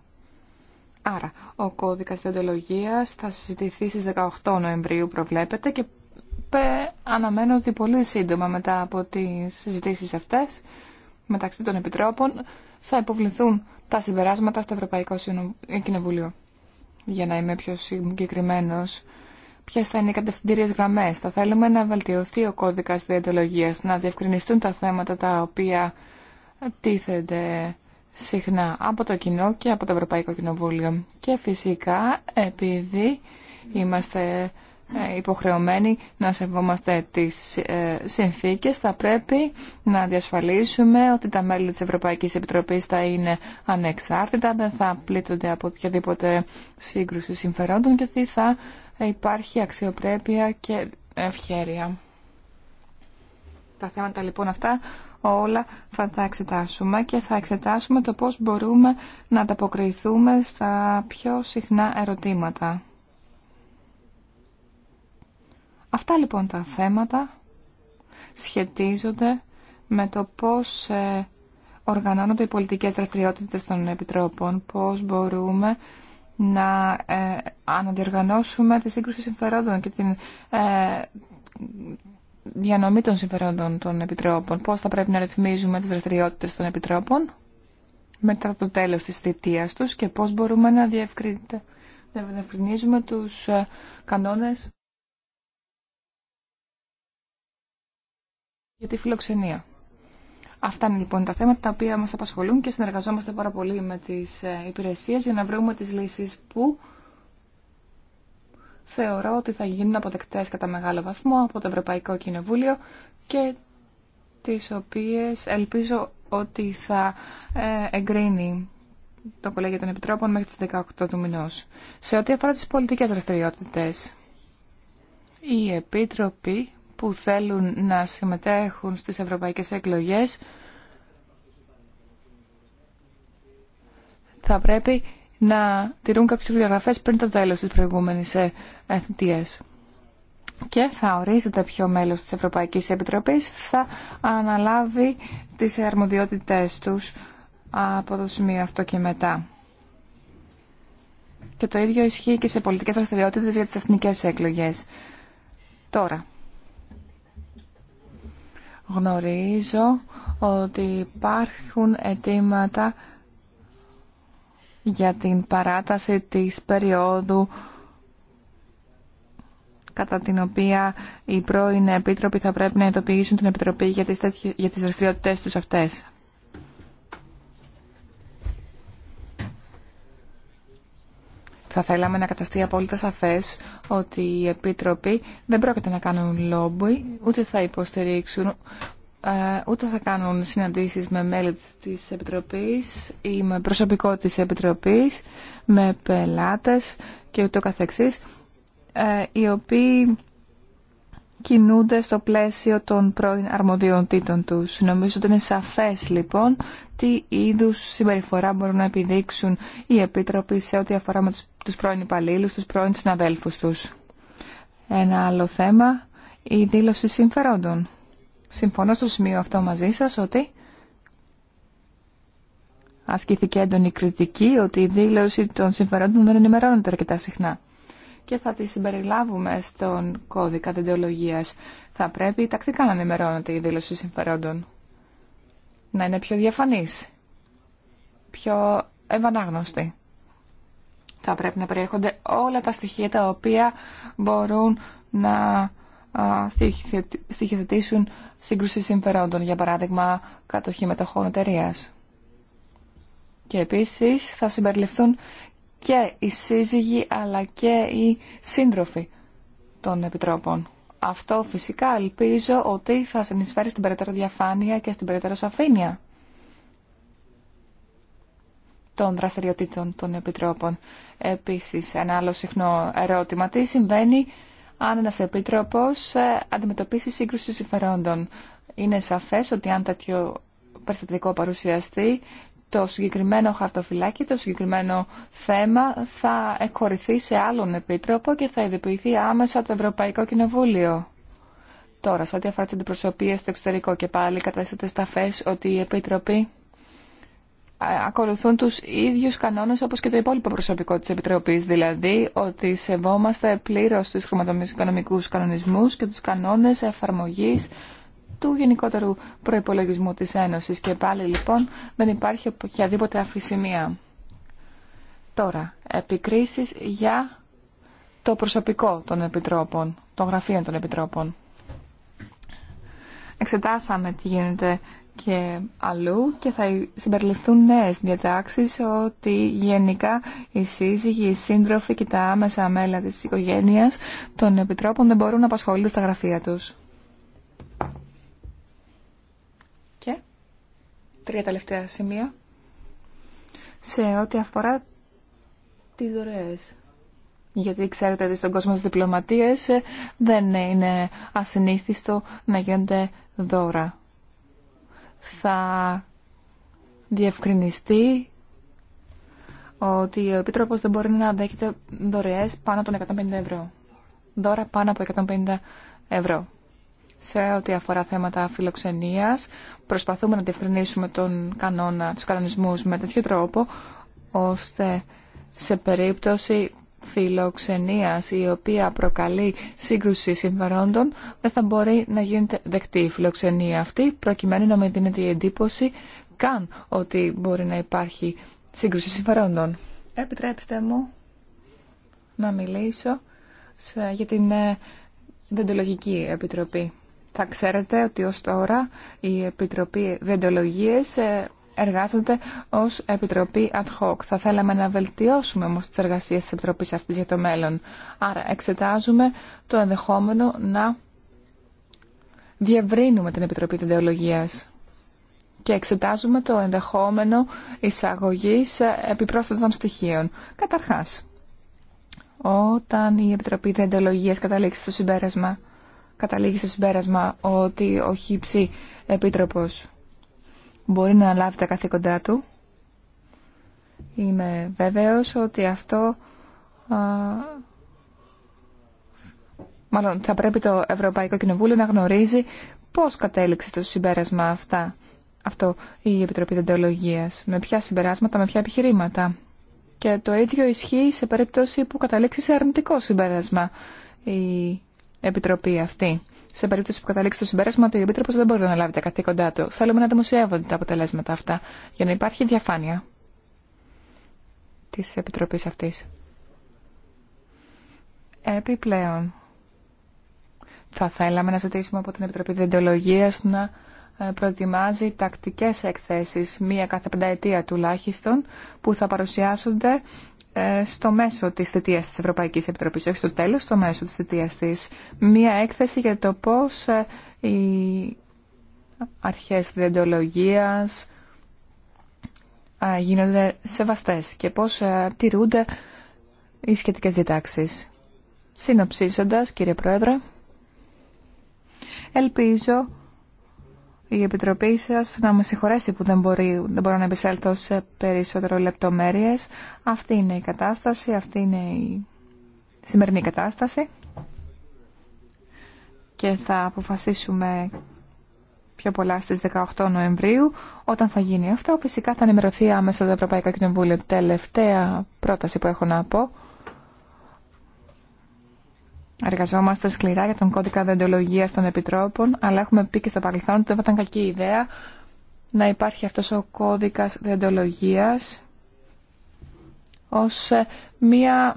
Άρα, ο κώδικας διοντολογίας θα συζητηθεί στις 18 Νοεμβρίου προβλέπεται και αναμένω ότι πολύ σύντομα μετά από τις συζητήσεις αυτές μεταξύ των επιτρόπων θα υποβληθούν τα συμπεράσματα στο Ευρωπαϊκό Κοινοβούλιο. Για να είμαι πιο συγκεκριμένο, ποιε θα είναι οι κατευθυντήριε γραμμέ. Θα θέλουμε να βελτιωθεί ο κώδικα διαιτολογία, να διευκρινιστούν τα θέματα τα οποία τίθενται συχνά από το κοινό και από το Ευρωπαϊκό Κοινοβούλιο. Και φυσικά, επειδή είμαστε ε, υποχρεωμένοι να σεβόμαστε τις ε, συνθήκες. Θα πρέπει να διασφαλίσουμε ότι τα μέλη της Ευρωπαϊκής Επιτροπής θα είναι ανεξάρτητα, δεν θα πλήττονται από οποιαδήποτε σύγκρουση συμφερόντων και ότι θα υπάρχει αξιοπρέπεια και ευχέρεια. Τα θέματα λοιπόν αυτά όλα θα τα εξετάσουμε και θα εξετάσουμε το πώς μπορούμε να ανταποκριθούμε στα πιο συχνά ερωτήματα. Αυτά λοιπόν τα θέματα σχετίζονται με το πώς ε, οργανώνονται οι πολιτικές δραστηριότητες των επιτρόπων, πώς μπορούμε να ε, αναδιοργανώσουμε τη σύγκρουση συμφερόντων και την ε, διανομή των συμφερόντων των επιτρόπων, πώς θα πρέπει να ρυθμίζουμε τις δραστηριότητες των επιτρόπων μετά το τέλος της θητείας τους και πώς μπορούμε να διευκρινίζουμε τους κανόνες για τη φιλοξενία. Αυτά είναι λοιπόν τα θέματα τα οποία μας απασχολούν και συνεργαζόμαστε πάρα πολύ με τις ε, υπηρεσίες για να βρούμε τις λύσεις που θεωρώ ότι θα γίνουν αποδεκτές κατά μεγάλο βαθμό από το Ευρωπαϊκό Κοινοβούλιο και τις οποίες ελπίζω ότι θα ε, εγκρίνει το Κολέγιο των Επιτρόπων μέχρι τις 18 του μηνός. Σε ό,τι αφορά τις πολιτικές δραστηριότητες, η Επίτροπη που θέλουν να συμμετέχουν στις ευρωπαϊκές εκλογές θα πρέπει να τηρούν κάποιες βιογραφές πριν το τέλος της προηγούμενης ε, εθνίας. Και θα ορίζεται ποιο μέλος της Ευρωπαϊκής Επιτροπής θα αναλάβει τις αρμοδιότητές τους από το σημείο αυτό και μετά. Και το ίδιο ισχύει και σε πολιτικές δραστηριότητε για τις εθνικές εκλογές. Τώρα, Γνωρίζω ότι υπάρχουν αιτήματα για την παράταση της περίοδου κατά την οποία οι πρώην επίτροποι θα πρέπει να ειδοποιήσουν την Επιτροπή για τις, τέτοι... για τις τους αυτές. Θα θέλαμε να καταστεί απόλυτα σαφές ότι οι επίτροποι δεν πρόκειται να κάνουν λόμπι, ούτε θα υποστηρίξουν, ε, ούτε θα κάνουν συναντήσεις με μέλη της Επιτροπής ή με προσωπικό της Επιτροπής, με πελάτες και ούτω καθεξής, ε, οι οποίοι κινούνται στο πλαίσιο των πρώην αρμοδιοτήτων τους. Νομίζω ότι είναι σαφές λοιπόν τι είδους συμπεριφορά μπορούν να επιδείξουν οι επίτροποι σε ό,τι αφορά με τους, τους πρώην υπαλλήλου, τους πρώην συναδέλφους τους. Ένα άλλο θέμα, η δήλωση συμφερόντων. Συμφωνώ στο σημείο αυτό μαζί σας ότι ασκήθηκε έντονη κριτική ότι η δήλωση των συμφερόντων δεν ενημερώνεται αρκετά συχνά και θα τις συμπεριλάβουμε στον κώδικα διολογίας. Θα πρέπει τακτικά να ενημερώνεται η δήλωση συμφερόντων. Να είναι πιο διαφανής, πιο ευανάγνωστη. Θα πρέπει να περιέχονται όλα τα στοιχεία τα οποία μπορούν να στοιχειοθετήσουν σύγκρουση συμφερόντων, για παράδειγμα κατοχή μετοχών εταιρεία. Και επίσης θα συμπεριληφθούν και οι σύζυγοι αλλά και οι σύντροφοι των επιτρόπων. Αυτό φυσικά ελπίζω ότι θα συνεισφέρει στην περαιτέρω διαφάνεια και στην περαιτέρω σαφήνεια των δραστηριοτήτων των επιτρόπων. Επίσης, ένα άλλο συχνό ερώτημα. Τι συμβαίνει αν ένας επιτρόπος ε, αντιμετωπίσει σύγκρουση συμφερόντων. Είναι σαφές ότι αν τέτοιο περιστατικό παρουσιαστεί, το συγκεκριμένο χαρτοφυλάκι, το συγκεκριμένο θέμα θα εκχωρηθεί σε άλλον επίτροπο και θα ειδοποιηθεί άμεσα το Ευρωπαϊκό Κοινοβούλιο. Τώρα, σε ό,τι αφορά την προσωπία στο εξωτερικό και πάλι στα σταφές ότι οι επίτροποι ε, ακολουθούν τους ίδιους κανόνες όπως και το υπόλοιπο προσωπικό της Επιτροπής, δηλαδή ότι σεβόμαστε πλήρως τους χρηματοοικονομικούς κανονισμούς και τους κανόνες εφαρμογής του γενικότερου προϋπολογισμού της Ένωσης και πάλι λοιπόν δεν υπάρχει οποιαδήποτε αφησιμία. Τώρα, επικρίσεις για το προσωπικό των επιτρόπων, των γραφείων των επιτρόπων. Εξετάσαμε τι γίνεται και αλλού και θα συμπεριληφθούν νέες διατάξεις ότι γενικά οι σύζυγοι, οι σύντροφοι και τα άμεσα μέλα της οικογένειας των επιτρόπων δεν μπορούν να απασχολούνται στα γραφεία τους. τρία τελευταία σημεία σε ό,τι αφορά τις δωρεές. Γιατί ξέρετε ότι στον κόσμο της διπλωματίας ε, δεν είναι ασυνήθιστο να γίνονται δώρα. Θα διευκρινιστεί ότι ο Επίτροπος δεν μπορεί να δέχεται δωρεές πάνω των 150 ευρώ. Δώρα πάνω από 150 ευρώ σε ό,τι αφορά θέματα φιλοξενία, Προσπαθούμε να διευκρινίσουμε τον κανόνα, τους κανονισμούς με τέτοιο τρόπο, ώστε σε περίπτωση φιλοξενία, η οποία προκαλεί σύγκρουση συμφερόντων δεν θα μπορεί να γίνεται δεκτή η φιλοξενία αυτή προκειμένου να μην δίνεται η εντύπωση καν ότι μπορεί να υπάρχει σύγκρουση συμφερόντων. Επιτρέψτε μου να μιλήσω για την ε, Δεντολογική Επιτροπή. Θα ξέρετε ότι ως τώρα η Επιτροπή Διεντολογίες ε, εργάζονται ως Επιτροπή Ad Hoc. Θα θέλαμε να βελτιώσουμε όμως τις εργασίες της Επιτροπής αυτής για το μέλλον. Άρα εξετάζουμε το ενδεχόμενο να διευρύνουμε την Επιτροπή Διεντολογίας και εξετάζουμε το ενδεχόμενο εισαγωγής ε, επιπρόσθετων στοιχείων. Καταρχάς, όταν η Επιτροπή Διεντολογίας καταλήξει στο συμπέρασμα καταλήγει στο συμπέρασμα ότι ο χύψη επίτροπος μπορεί να αναλάβει τα καθήκοντά του. Είμαι βέβαιος ότι αυτό... μάλλον θα πρέπει το Ευρωπαϊκό Κοινοβούλιο να γνωρίζει πώς κατέληξε στο συμπέρασμα αυτά, αυτό η Επιτροπή Δεντεολογίας, με ποια συμπεράσματα, με ποια επιχειρήματα. Και το ίδιο ισχύει σε περίπτωση που καταλήξει σε αρνητικό συμπέρασμα η επιτροπή αυτή. Σε περίπτωση που καταλήξει το συμπέρασμα ότι ο Επίτροπο δεν μπορεί να λάβει τα καθήκοντά του. Θέλουμε να δημοσιεύονται τα αποτελέσματα αυτά για να υπάρχει διαφάνεια τη Επιτροπή αυτή. Επιπλέον, θα θέλαμε να ζητήσουμε από την Επιτροπή Διεντολογία να ε, προετοιμάζει τακτικές εκθέσεις, μία κάθε πενταετία τουλάχιστον, που θα παρουσιάσονται ε, στο μέσο της θητείας της Ευρωπαϊκής Επιτροπής, όχι στο τέλος, στο μέσο της θητείας της, μία έκθεση για το πώς ε, οι αρχές διεντολογίας ε, γίνονται σεβαστές και πώς τηρούνται οι σχετικές διτάξεις. Συνοψίζοντας, κύριε Πρόεδρε, ελπίζω η Επιτροπή σας να με συγχωρέσει που δεν, μπορεί, δεν μπορώ να επισέλθω σε περισσότερο λεπτομέρειες. Αυτή είναι η κατάσταση, αυτή είναι η σημερινή κατάσταση και θα αποφασίσουμε πιο πολλά στις 18 Νοεμβρίου. Όταν θα γίνει αυτό, φυσικά θα ενημερωθεί άμεσα το Ευρωπαϊκό Κοινοβούλιο. Τελευταία πρόταση που έχω να πω Εργαζόμαστε σκληρά για τον κώδικα δεντολογίας των επιτρόπων, αλλά έχουμε πει και στο παρελθόν ότι δεν ήταν κακή ιδέα να υπάρχει αυτός ο κώδικας δεντολογίας ως, ε, μια,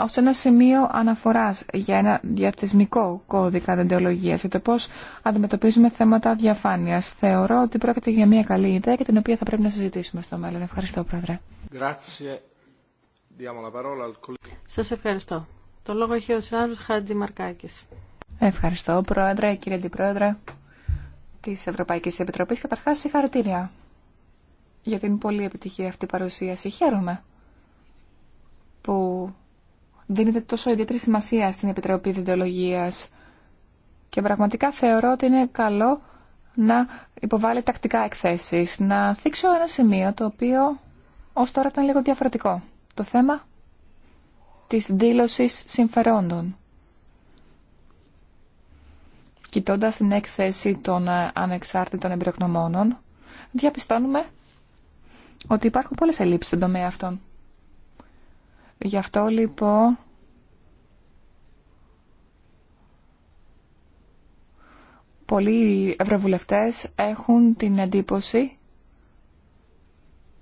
ως ένα σημείο αναφοράς για ένα διαθεσμικό κώδικα δεντολογίας για το πώς αντιμετωπίζουμε θέματα διαφάνειας. Θεωρώ ότι πρόκειται για μια καλή ιδέα και την οποία θα πρέπει να συζητήσουμε στο μέλλον. Ευχαριστώ, Πρόεδρε. Σας ευχαριστώ. Το λόγο έχει ο συνάδελφος Χατζη Μαρκάκης. Ευχαριστώ, Πρόεδρε, κύριε Αντιπρόεδρε τη Ευρωπαϊκή Επιτροπή. Καταρχάς, συγχαρητήρια για την πολύ επιτυχία αυτή παρουσίαση. Χαίρομαι που δίνεται τόσο ιδιαίτερη σημασία στην Επιτροπή Διδεολογία. και πραγματικά θεωρώ ότι είναι καλό να υποβάλει τακτικά εκθέσεις. Να θίξω ένα σημείο το οποίο ως τώρα ήταν λίγο διαφορετικό. Το θέμα της δήλωσης συμφερόντων. Κοιτώντας την έκθεση των ε, ανεξάρτητων εμπειρογνωμόνων, διαπιστώνουμε ότι υπάρχουν πολλές ελλείψεις στον τομέα αυτών. Γι' αυτό λοιπόν πολλοί ευρωβουλευτές έχουν την εντύπωση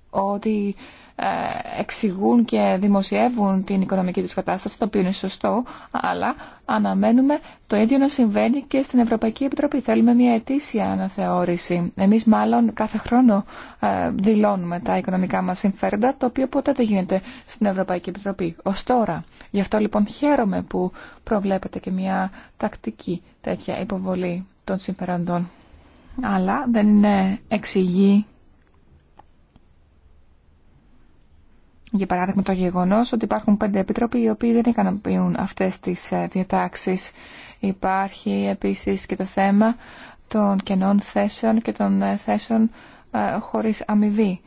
ότι ε, εξηγούν και δημοσιεύουν την οικονομική τους κατάσταση, το οποίο είναι σωστό, αλλά αναμένουμε το ίδιο να συμβαίνει και στην Ευρωπαϊκή Επιτροπή. Θέλουμε μια ετήσια αναθεώρηση. Εμείς μάλλον κάθε χρόνο ε, δηλώνουμε τα οικονομικά μας συμφέροντα, το οποίο ποτέ δεν γίνεται στην Ευρωπαϊκή Επιτροπή. Ω τώρα. Γι' αυτό λοιπόν χαίρομαι που προβλέπετε και μια τακτική τέτοια υποβολή των συμφερόντων. Αλλά δεν είναι Για παράδειγμα το γεγονός ότι υπάρχουν πέντε επιτροποί οι οποίοι δεν ικανοποιούν αυτές τις ε, διατάξεις. Υπάρχει επίσης και το θέμα των κενών θέσεων και των ε, θέσεων ε, χωρίς αμοιβή.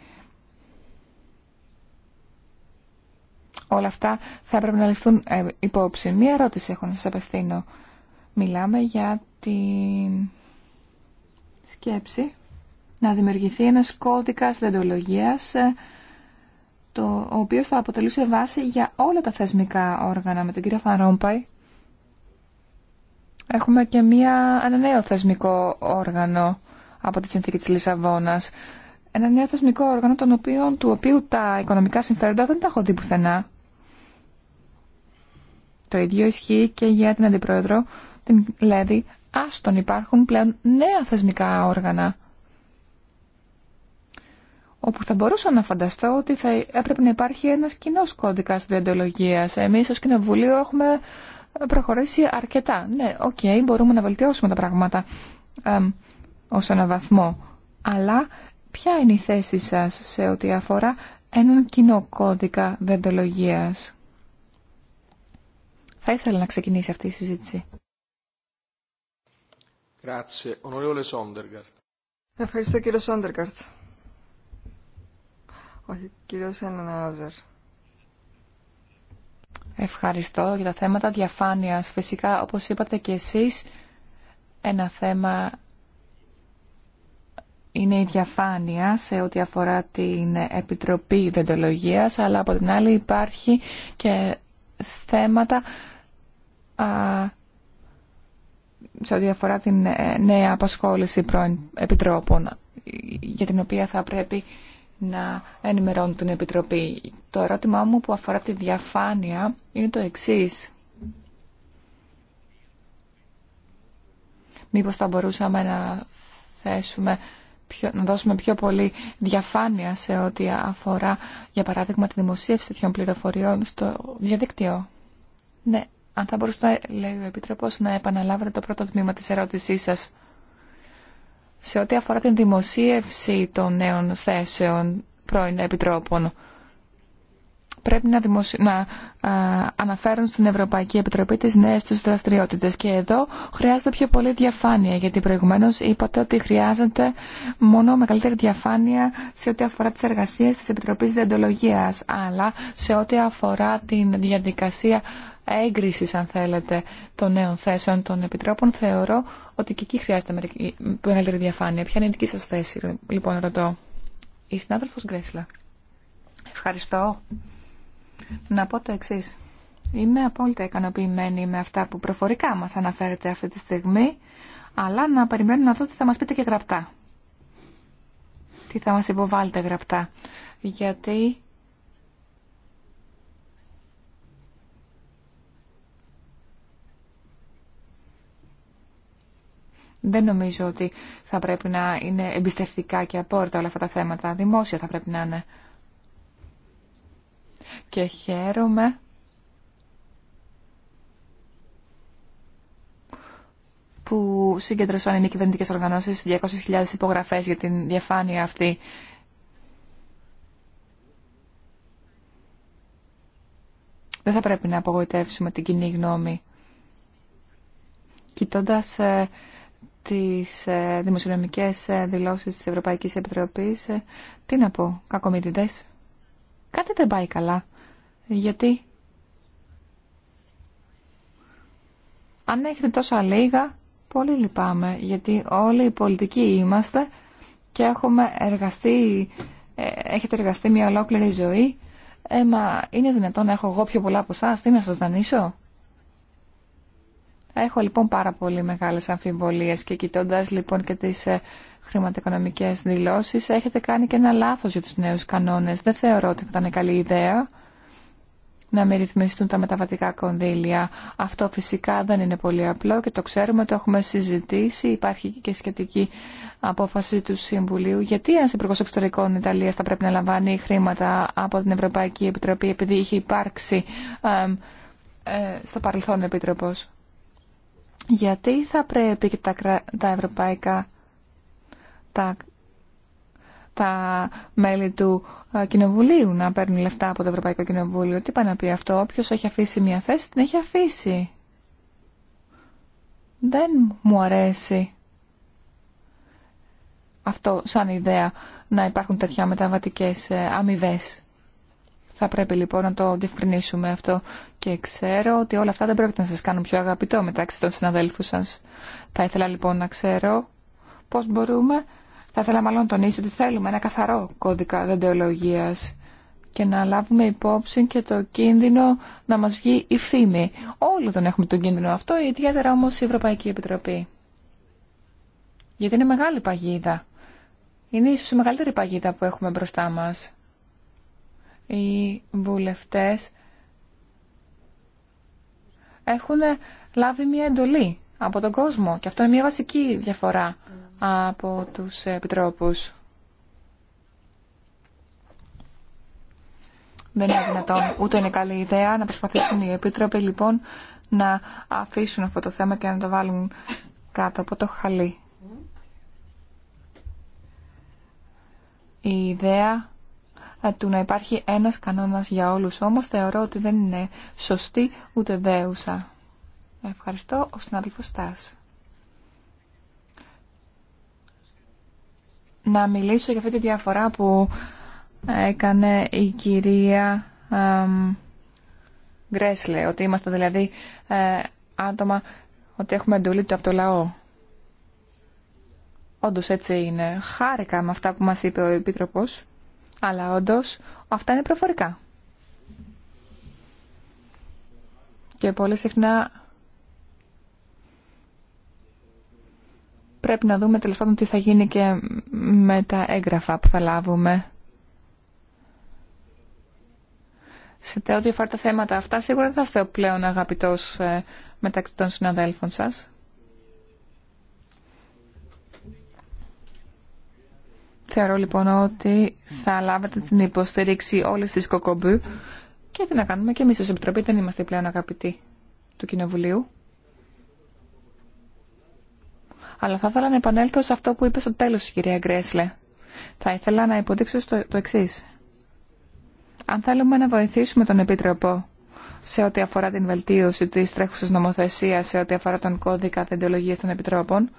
Όλα αυτά θα έπρεπε να ληφθούν υπόψη. Μία ερώτηση έχω να σας απευθύνω. Μιλάμε για τη σκέψη να δημιουργηθεί ένας κώδικας δεντολογίας το, οποίο οποίος θα αποτελούσε βάση για όλα τα θεσμικά όργανα. Με τον κύριο Φανρόμπαϊ έχουμε και μια, ένα νέο θεσμικό όργανο από τη συνθήκη της Λισαβόνας. Ένα νέο θεσμικό όργανο τον οποίο, του οποίου τα οικονομικά συμφέροντα δεν τα έχω δει πουθενά. Το ίδιο ισχύει και για την Αντιπρόεδρο, την Λέδη. Άστον υπάρχουν πλέον νέα θεσμικά όργανα όπου θα μπορούσα να φανταστώ ότι θα έπρεπε να υπάρχει ένας κοινό κώδικας διοντολογίας. Εμείς ως Κοινοβουλίο έχουμε προχωρήσει αρκετά. Ναι, οκ, okay, μπορούμε να βελτιώσουμε τα πράγματα ε, ως ένα βαθμό. Αλλά ποια είναι η θέση σας σε ό,τι αφορά έναν κοινό κώδικα διοντολογίας. Θα ήθελα να ξεκινήσει αυτή η συζήτηση. Ευχαριστώ κύριο Σόντεργαρτ. Όχι, έναν Ευχαριστώ για τα θέματα διαφάνειας. Φυσικά, όπως είπατε και εσείς, ένα θέμα είναι η διαφάνεια σε ό,τι αφορά την Επιτροπή Δεντολογίας, αλλά από την άλλη υπάρχει και θέματα α, σε ό,τι αφορά την ε, νέα απασχόληση πρώην επιτρόπων, για την οποία θα πρέπει να ενημερώνουν την Επιτροπή. Το ερώτημά μου που αφορά τη διαφάνεια είναι το εξής. Μήπως θα μπορούσαμε να, θέσουμε πιο, να δώσουμε πιο πολύ διαφάνεια σε ό,τι αφορά, για παράδειγμα, τη δημοσίευση τέτοιων πληροφοριών στο διαδίκτυο. Ναι, αν θα μπορούσατε, λέει ο Επίτροπος, να επαναλάβετε το πρώτο τμήμα της ερώτησής σας σε ό,τι αφορά την δημοσίευση των νέων θέσεων πρώην επιτρόπων. Πρέπει να, να αναφέρουν στην Ευρωπαϊκή Επιτροπή τις νέες τους δραστηριότητες. Και εδώ χρειάζεται πιο πολύ διαφάνεια, γιατί προηγουμένως είπατε ότι χρειάζεται μόνο μεγαλύτερη διαφάνεια σε ό,τι αφορά τις εργασίες της Επιτροπής Διαντολογίας αλλά σε ό,τι αφορά την διαδικασία Έγκριση αν θέλετε, των νέων θέσεων των επιτρόπων, θεωρώ ότι και εκεί χρειάζεται μεγαλύτερη διαφάνεια. Ποια είναι η δική σας θέση, λοιπόν, ρωτώ. Η συνάδελφος Γκρέσλα. Ευχαριστώ. Να πω το εξή. Είμαι απόλυτα ικανοποιημένη με αυτά που προφορικά μας αναφέρετε αυτή τη στιγμή, αλλά να περιμένω να δω τι θα μας πείτε και γραπτά. Τι θα μας υποβάλλετε γραπτά. Γιατί Δεν νομίζω ότι θα πρέπει να είναι εμπιστευτικά και απόρριτα όλα αυτά τα θέματα. Δημόσια θα πρέπει να είναι. Και χαίρομαι που συγκεντρώσαν οι μη κυβερνητικέ οργανώσεις 200.000 υπογραφές για την διαφάνεια αυτή. Δεν θα πρέπει να απογοητεύσουμε την κοινή γνώμη. Κοιτώντας ε, τις ε, δημοσιονομικές ε, δηλώσεις της Ευρωπαϊκής Επιτροπής, ε, τι να πω, κακομίτιδες. Κάτι δεν πάει καλά. Γιατί αν έχετε τόσα λίγα, πολύ λυπάμαι, γιατί όλοι οι πολιτικοί είμαστε και έχουμε εργαστεί, έχετε εργαστεί μια ολόκληρη ζωή. Ε, μα είναι δυνατόν να έχω εγώ πιο πολλά από εσά, τι να σας δανείσω. Έχω λοιπόν πάρα πολύ μεγάλες αμφιβολίες και κοιτώντας λοιπόν και τις ε, χρηματοοικονομικές δηλώσεις έχετε κάνει και ένα λάθος για τους νέους κανόνες. Δεν θεωρώ ότι θα ήταν καλή ιδέα να μην ρυθμιστούν τα μεταβατικά κονδύλια. Αυτό φυσικά δεν είναι πολύ απλό και το ξέρουμε, το έχουμε συζητήσει. Υπάρχει και σχετική απόφαση του Συμβουλίου. Γιατί ένα υπουργό εξωτερικών Ιταλία θα πρέπει να λαμβάνει χρήματα από την Ευρωπαϊκή Επιτροπή επειδή είχε υπάρξει ε, στο παρελθόν επίτροπος. Γιατί θα πρέπει και τα, τα ευρωπαϊκά, τα, τα μέλη του ε, Κοινοβουλίου να παίρνουν λεφτά από το Ευρωπαϊκό Κοινοβούλιο. Τι πάει να πει αυτό, όποιος έχει αφήσει μια θέση την έχει αφήσει. Δεν μου αρέσει αυτό σαν ιδέα να υπάρχουν τέτοια μεταβατικές ε, αμοιβέ. Θα πρέπει λοιπόν να το διευκρινίσουμε αυτό και ξέρω ότι όλα αυτά δεν πρέπει να σας κάνουν πιο αγαπητό μεταξύ των συναδέλφων σας. Θα ήθελα λοιπόν να ξέρω πώς μπορούμε, θα ήθελα μάλλον να τονίσω ότι θέλουμε ένα καθαρό κώδικα δεντεολογίας και να λάβουμε υπόψη και το κίνδυνο να μας βγει η φήμη. Όλο τον έχουμε τον κίνδυνο αυτό, ιδιαίτερα όμως η Ευρωπαϊκή Επιτροπή. Γιατί είναι μεγάλη παγίδα. Είναι ίσως η μεγαλύτερη παγίδα που έχουμε μπροστά μας οι βουλευτές έχουν λάβει μια εντολή από τον κόσμο και αυτό είναι μια βασική διαφορά από τους επιτρόπους. Δεν είναι δυνατόν, ούτε είναι καλή ιδέα να προσπαθήσουν οι επίτροποι λοιπόν να αφήσουν αυτό το θέμα και να το βάλουν κάτω από το χαλί. Η ιδέα του να υπάρχει ένας κανόνας για όλους. Όμως θεωρώ ότι δεν είναι σωστή ούτε δέουσα. Ευχαριστώ. Ο συνάδελφος Να μιλήσω για αυτή τη διαφορά που έκανε η κυρία Γκρέσλε, ότι είμαστε δηλαδή ε, άτομα, ότι έχουμε εντολή του από το λαό. Όντως έτσι είναι. Χάρηκα με αυτά που μας είπε ο Επίτροπος. Αλλά όντω αυτά είναι προφορικά. Και πολύ συχνά πρέπει να δούμε τέλο πάντων τι θα γίνει και με τα έγγραφα που θα λάβουμε. Σε τέτοια αφορά τα θέματα αυτά, σίγουρα δεν θα είστε πλέον αγαπητός ε, μεταξύ των συναδέλφων σας. Θεωρώ λοιπόν ότι θα λάβετε την υποστήριξη όλη τη κοκομπού και τι να κάνουμε και εμεί ω Επιτροπή δεν είμαστε πλέον αγαπητοί του Κοινοβουλίου. Αλλά θα ήθελα να επανέλθω σε αυτό που είπε στο τέλο η κυρία Γκρέσλε. Θα ήθελα να υποδείξω το εξή. Αν θέλουμε να βοηθήσουμε τον Επίτροπο σε ό,τι αφορά την βελτίωση τη τρέχουσα νομοθεσία, σε ό,τι αφορά τον κώδικα θεντολογία των επιτρόπων,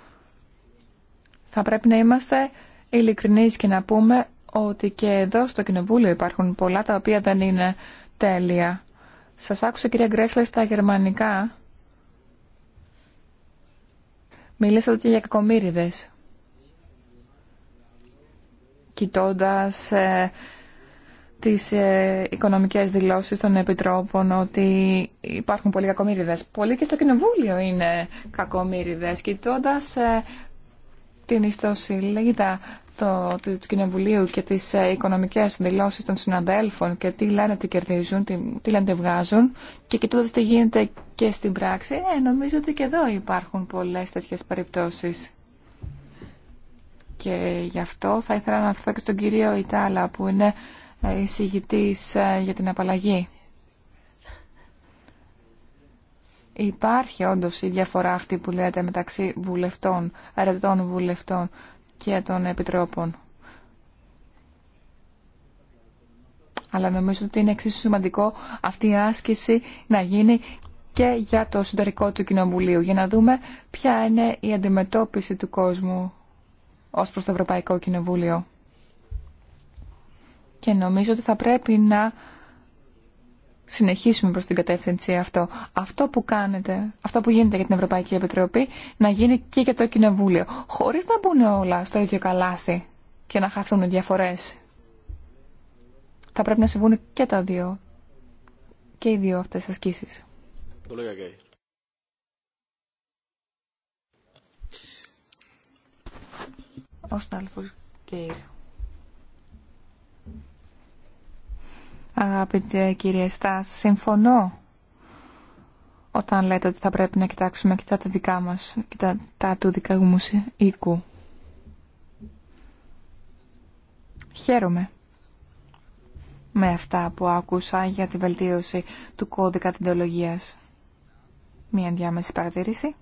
θα πρέπει να είμαστε ειλικρινείς και να πούμε ότι και εδώ στο Κοινοβούλιο υπάρχουν πολλά τα οποία δεν είναι τέλεια. Σας άκουσα κυρία Γκρέσλε στα γερμανικά. Μιλήσατε για κακομύριδες. Κοιτώντας ε, τις ε, οικονομικές δηλώσεις των επιτρόπων ότι υπάρχουν πολλοί κακομύριδες. Πολλοί και στο Κοινοβούλιο είναι κακομύριδες. Κοιτώντας ε, την ιστοσύλληλα το, του Κοινοβουλίου και τις ε, οικονομικές δηλώσεις των συναδέλφων και τι λένε ότι κερδίζουν, τι, τι λένε ότι βγάζουν και κοιτώντας τι γίνεται και στην πράξη, ε, νομίζω ότι και εδώ υπάρχουν πολλές τέτοιες περιπτώσεις. Και γι' αυτό θα ήθελα να αναφερθώ και στον κύριο Ιτάλα που είναι ε, εισηγητής ε, για την απαλλαγή. Υπάρχει όντως η διαφορά αυτή που λέτε μεταξύ βουλευτών, αρετών βουλευτών και των επιτρόπων. Αλλά νομίζω ότι είναι εξίσου σημαντικό αυτή η άσκηση να γίνει και για το συντορικό του Κοινοβουλίου, για να δούμε ποια είναι η αντιμετώπιση του κόσμου ως προς το Ευρωπαϊκό Κοινοβούλιο. Και νομίζω ότι θα πρέπει να συνεχίσουμε προς την κατεύθυνση αυτό. Αυτό που κάνετε, αυτό που γίνεται για την Ευρωπαϊκή Επιτροπή, να γίνει και για το Κοινοβούλιο. Χωρίς να μπουν όλα στο ίδιο καλάθι και να χαθούν οι διαφορές. Θα πρέπει να συμβούν και τα δύο. Και οι δύο αυτές ασκήσεις. Ο Στάλφος Αγαπητέ κύριε Στάς, συμφωνώ όταν λέτε ότι θα πρέπει να κοιτάξουμε και τα δικά μας και τα, τα του μου οίκου. Χαίρομαι με αυτά που άκουσα για τη βελτίωση του κώδικα τεντεολογίας. Μία διάμεση παρατήρηση.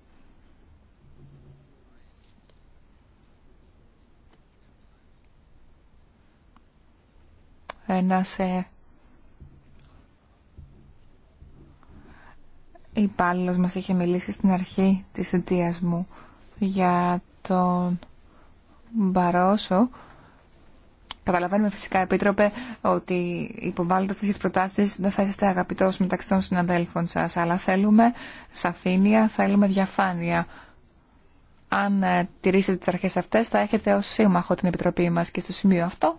Ένας ε, υπάλληλος μας είχε μιλήσει στην αρχή της θητείας μου για τον Μπαρόσο. Καταλαβαίνουμε φυσικά, Επίτροπε, ότι υποβάλλοντας τέτοιες προτάσεις δεν θα είστε αγαπητός μεταξύ των συναδέλφων σας, αλλά θέλουμε σαφήνεια, θέλουμε διαφάνεια. Αν ε, τηρήσετε τις αρχές αυτές, θα έχετε ως σύμμαχο την Επιτροπή μας και στο σημείο αυτό.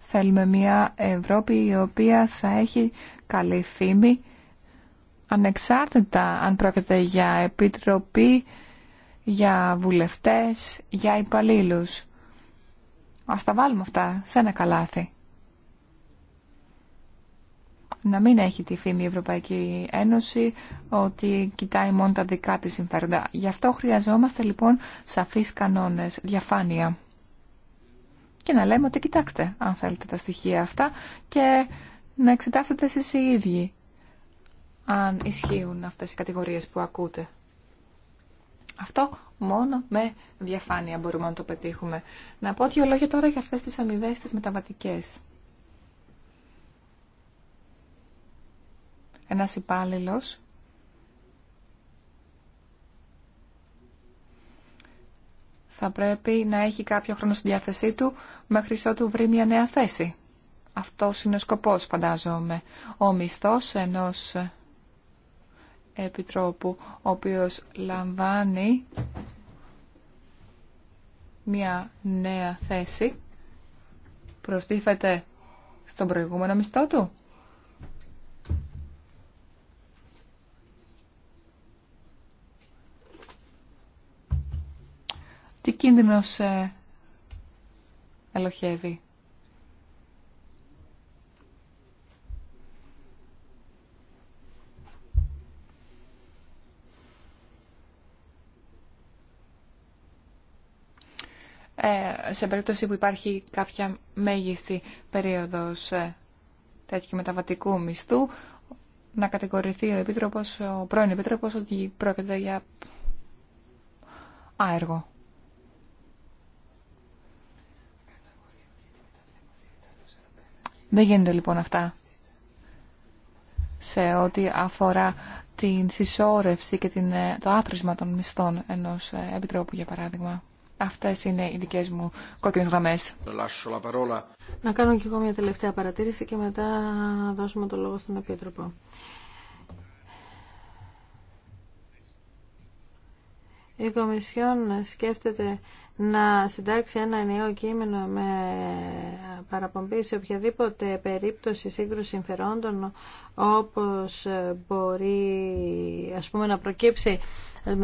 Θέλουμε μια Ευρώπη η οποία θα έχει καλή φήμη ανεξάρτητα αν πρόκειται για επιτροπή, για βουλευτές, για υπαλλήλους. Ας τα βάλουμε αυτά σε ένα καλάθι. Να μην έχει τη φήμη η Ευρωπαϊκή Ένωση ότι κοιτάει μόνο τα δικά της συμφέροντα. Γι' αυτό χρειαζόμαστε λοιπόν σαφείς κανόνες, διαφάνεια. Και να λέμε ότι κοιτάξτε αν θέλετε τα στοιχεία αυτά και να εξετάσετε εσείς οι ίδιοι αν ισχύουν αυτές οι κατηγορίες που ακούτε. Αυτό μόνο με διαφάνεια μπορούμε να το πετύχουμε. Να πω δύο λόγια τώρα για αυτές τις αμοιβέ τις μεταβατικές. Ένας υπάλληλο. θα πρέπει να έχει κάποιο χρόνο στη διάθεσή του μέχρι ότου βρει μια νέα θέση. Αυτό είναι ο σκοπός, φαντάζομαι. Ο μισθός ενός Επιτρόπου, ο οποίος λαμβάνει μια νέα θέση, προστίθεται στον προηγούμενο μισθό του. Τι κίνδυνος ε, ελοχεύει. Ε, σε περίπτωση που υπάρχει κάποια μέγιστη περίοδος ε, τέτοιου μεταβατικού μισθού να κατηγορηθεί ο, επίτροπος, ο πρώην Επίτροπος ότι πρόκειται για άεργο. Δεν γίνονται λοιπόν αυτά σε ό,τι αφορά την συσσόρευση και ε, το άθροισμα των μισθών ενός επιτρόπου, για παράδειγμα. Αυτές είναι οι δικές μου κόκκινες γραμμές. Να κάνω και εγώ μια τελευταία παρατήρηση και μετά δώσουμε το λόγο στον Επίτροπο. Η Κομισιόν σκέφτεται να συντάξει ένα νέο κείμενο με παραπομπή σε οποιαδήποτε περίπτωση σύγκρουση συμφερόντων όπως μπορεί ας πούμε να προκύψει ε,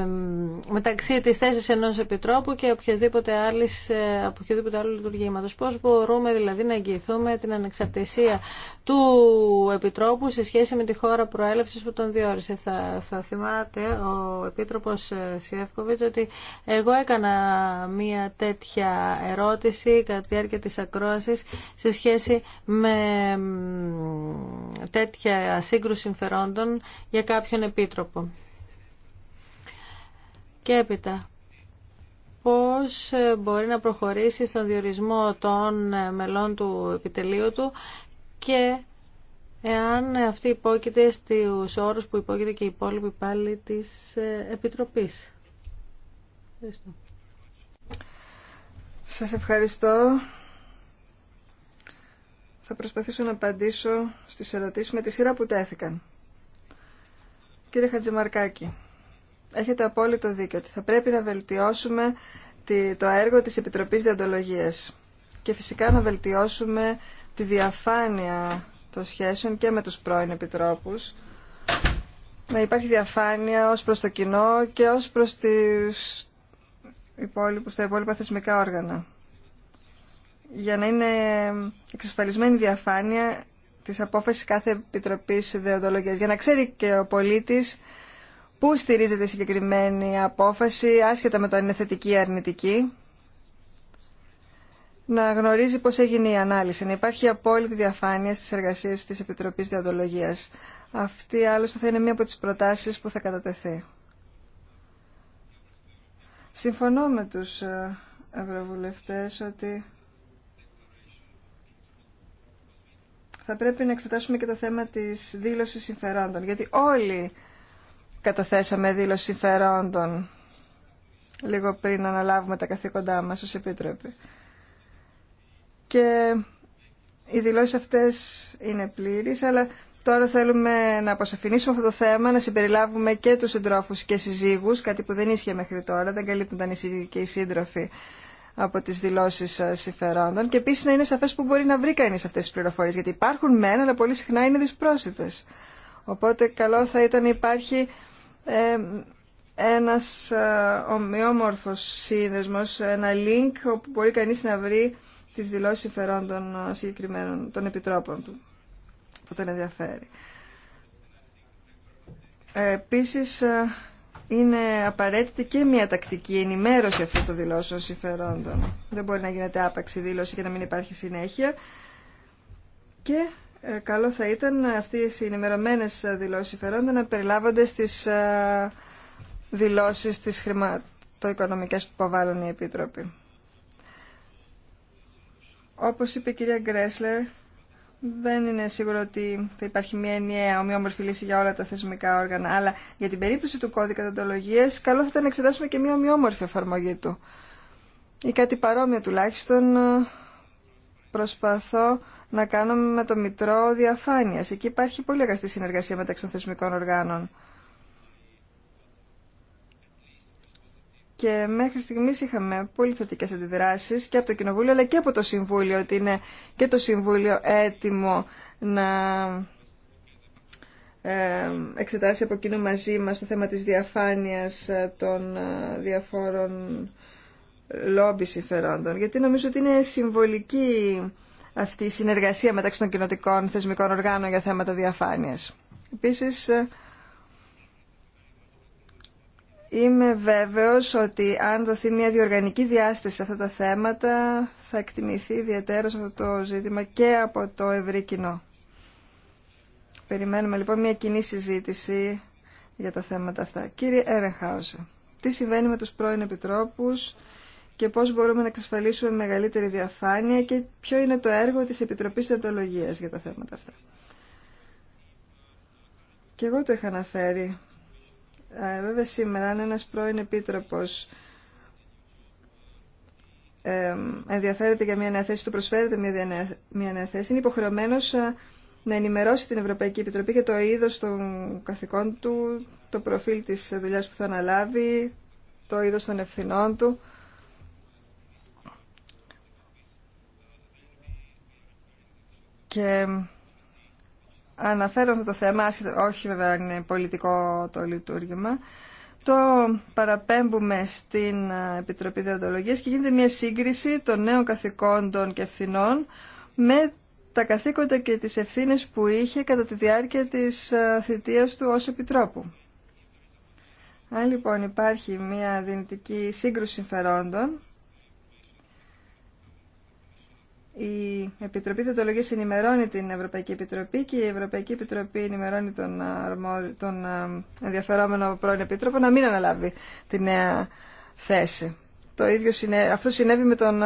μεταξύ της θέσης ενός επιτρόπου και οποιαδήποτε άλλης, ε, από οποιοδήποτε άλλο λειτουργήματος. Πώς μπορούμε δηλαδή να εγγυηθούμε την ανεξαρτησία του επιτρόπου σε σχέση με τη χώρα προέλευσης που τον διόρισε. Θα, θα θυμάται ο Επίτροπος ε, Σιεύκοβιτς ότι εγώ έκανα μία μια τέτοια ερώτηση κατά τη διάρκεια της ακρόασης σε σχέση με τέτοια σύγκρουση συμφερόντων για κάποιον επίτροπο. Και έπειτα, πώς μπορεί να προχωρήσει στον διορισμό των μελών του επιτελείου του και εάν αυτή υπόκειται στους όρους που υπόκειται και οι υπόλοιποι πάλι της Επιτροπής. Σας ευχαριστώ. Θα προσπαθήσω να απαντήσω στις ερωτήσεις με τη σειρά που τέθηκαν. Κύριε Χατζημαρκάκη, έχετε απόλυτο δίκιο ότι θα πρέπει να βελτιώσουμε το έργο της Επιτροπής Διαντολογίας και φυσικά να βελτιώσουμε τη διαφάνεια των σχέσεων και με τους πρώην επιτρόπους να υπάρχει διαφάνεια ως προς το κοινό και ως προς τις, υπόλοιπου, στα υπόλοιπα θεσμικά όργανα. Για να είναι εξασφαλισμένη διαφάνεια της απόφασης κάθε επιτροπής ιδεοντολογίας. Για να ξέρει και ο πολίτης πού στηρίζεται η συγκεκριμένη απόφαση, άσχετα με το αν είναι θετική ή αρνητική. Να γνωρίζει πώς έγινε η ανάλυση, να υπάρχει απόλυτη διαφάνεια στις εργασίες της Επιτροπής Διοντολογία. Αυτή άλλωστε θα είναι μία από τις προτάσεις που θα κατατεθεί. Συμφωνώ με τους ε, ευρωβουλευτές ότι θα πρέπει να εξετάσουμε και το θέμα της δήλωσης συμφερόντων, γιατί όλοι καταθέσαμε δήλωση συμφερόντων λίγο πριν αναλάβουμε τα καθήκοντά μας ως Επίτροποι. Και οι δηλώσεις αυτές είναι πλήρεις, αλλά Τώρα θέλουμε να αποσαφηνίσουμε αυτό το θέμα, να συμπεριλάβουμε και τους συντρόφους και συζύγους, κάτι που δεν ίσχυε μέχρι τώρα, δεν καλύπτονταν οι σύζυγοι και οι σύντροφοι από τις δηλώσεις συμφερόντων και επίσης να είναι σαφές που μπορεί να βρει κανείς αυτές τις πληροφορίες, γιατί υπάρχουν μεν, αλλά πολύ συχνά είναι δυσπρόσιτε. Οπότε καλό θα ήταν να υπάρχει ε, ένας ε, ομοιόμορφος σύνδεσμος, ένα link όπου μπορεί κανείς να βρει τις δηλώσεις συμφερόντων συγκεκριμένων των επιτρόπων του που τον ενδιαφέρει. Ε, επίσης, ε, είναι απαραίτητη και μια τακτική ενημέρωση αυτών των δηλώσεων συμφερόντων. Δεν μπορεί να γίνεται άπαξη δήλωση και να μην υπάρχει συνέχεια. Και ε, καλό θα ήταν αυτέ οι ενημερωμένες δηλώσεις συμφερόντων να περιλάβονται στις δηλώσεις της χρηματοοικονομικές που παβάλλουν οι Επίτροποι. Όπως είπε η κυρία Γκρέσλερ, δεν είναι σίγουρο ότι θα υπάρχει μια ενιαία ομοιόμορφη λύση για όλα τα θεσμικά όργανα, αλλά για την περίπτωση του κώδικα δοντολογία, καλό θα ήταν να εξετάσουμε και μια ομοιόμορφη εφαρμογή του. Ή κάτι παρόμοιο τουλάχιστον ε, προσπαθώ να κάνουμε με το Μητρό Διαφάνεια. Εκεί υπάρχει πολύ αγαστή συνεργασία μεταξύ των θεσμικών οργάνων. Και μέχρι στιγμή είχαμε πολύ θετικέ αντιδράσει και από το Κοινοβούλιο αλλά και από το Συμβούλιο, ότι είναι και το Συμβούλιο έτοιμο να ε, εξετάσει από κοινού μαζί μας το θέμα της διαφάνειας ε, των ε, διαφόρων λόμπι συμφερόντων. Γιατί νομίζω ότι είναι συμβολική αυτή η συνεργασία μεταξύ των κοινοτικών θεσμικών οργάνων για θέματα διαφάνειας. Επίσης, Είμαι βέβαιος ότι αν δοθεί μια διοργανική διάσταση σε αυτά τα θέματα θα εκτιμηθεί ιδιαίτερα αυτό το ζήτημα και από το ευρύ κοινό. Περιμένουμε λοιπόν μια κοινή συζήτηση για τα θέματα αυτά. Κύριε Ερενχάουζε, τι συμβαίνει με τους πρώην επιτρόπους και πώς μπορούμε να εξασφαλίσουμε μεγαλύτερη διαφάνεια και ποιο είναι το έργο της Επιτροπής Θεατολογίας για τα θέματα αυτά. Και εγώ το είχα αναφέρει βέβαια σήμερα αν ένας πρώην επίτροπος ενδιαφέρεται για μια νέα θέση, του προσφέρεται μια νέα θέση, είναι υποχρεωμένος να ενημερώσει την Ευρωπαϊκή Επιτροπή για το είδος των καθηκών του, το προφίλ της δουλειάς που θα αναλάβει, το είδος των ευθυνών του. Και αναφέρω αυτό το θέμα, όχι βέβαια είναι πολιτικό το λειτουργήμα, το παραπέμπουμε στην Επιτροπή Διοντολογίας και γίνεται μια σύγκριση των νέων καθηκόντων και ευθυνών με τα καθήκοντα και τις ευθύνες που είχε κατά τη διάρκεια της θητείας του ως Επιτρόπου. Αν λοιπόν υπάρχει μια δυνητική σύγκρουση συμφερόντων, η Επιτροπή Θετολογίας ενημερώνει την Ευρωπαϊκή Επιτροπή και η Ευρωπαϊκή Επιτροπή ενημερώνει τον, τον ενδιαφερόμενο πρώην Επίτροπο να μην αναλάβει τη νέα θέση. Το ίδιο συνέ... Αυτό συνέβη με τον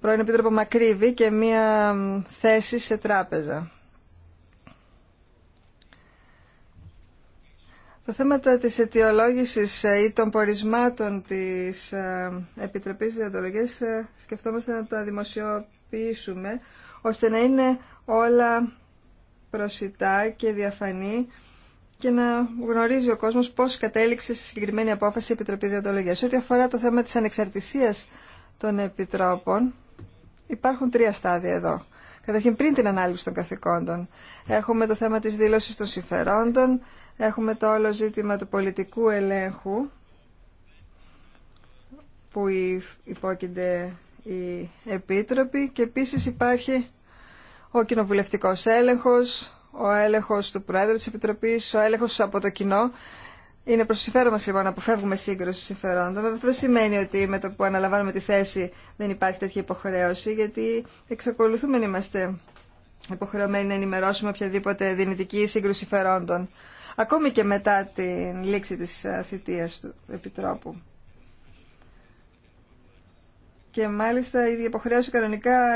πρώην Επίτροπο Μακρύβη και μία θέση σε τράπεζα. Τα θέματα της αιτιολόγησης ε, ή των πορισμάτων της ε, Επιτροπής Διατολογίας ε, σκεφτόμαστε να τα δημοσιοποιήσουμε ώστε να είναι όλα προσιτά και διαφανή και να γνωρίζει ο κόσμος πώς κατέληξε στη συγκεκριμένη απόφαση η Επιτροπή Διατολογίας. Ό,τι αφορά το θέμα της ανεξαρτησίας των Επιτρόπων, υπάρχουν τρία στάδια εδώ. Καταρχήν πριν την ανάληψη των καθηκόντων. Έχουμε το θέμα της δήλωσης των συμφερόντων, Έχουμε το όλο ζήτημα του πολιτικού ελέγχου που υπόκεινται οι επίτροποι και επίσης υπάρχει ο κοινοβουλευτικός έλεγχος, ο έλεγχος του Πρόεδρου της Επιτροπής, ο έλεγχος από το κοινό. Είναι προς συμφέρον μας λοιπόν να αποφεύγουμε σύγκρουση συμφερόντων. Αυτό δεν σημαίνει ότι με το που αναλαμβάνουμε τη θέση δεν υπάρχει τέτοια υποχρέωση, γιατί εξακολουθούμε να είμαστε υποχρεωμένοι να ενημερώσουμε οποιαδήποτε δυνητική σύγκρουση συμφερόντων ακόμη και μετά την λήξη της ε, θητείας του Επιτρόπου. Και μάλιστα η υποχρέωση κανονικά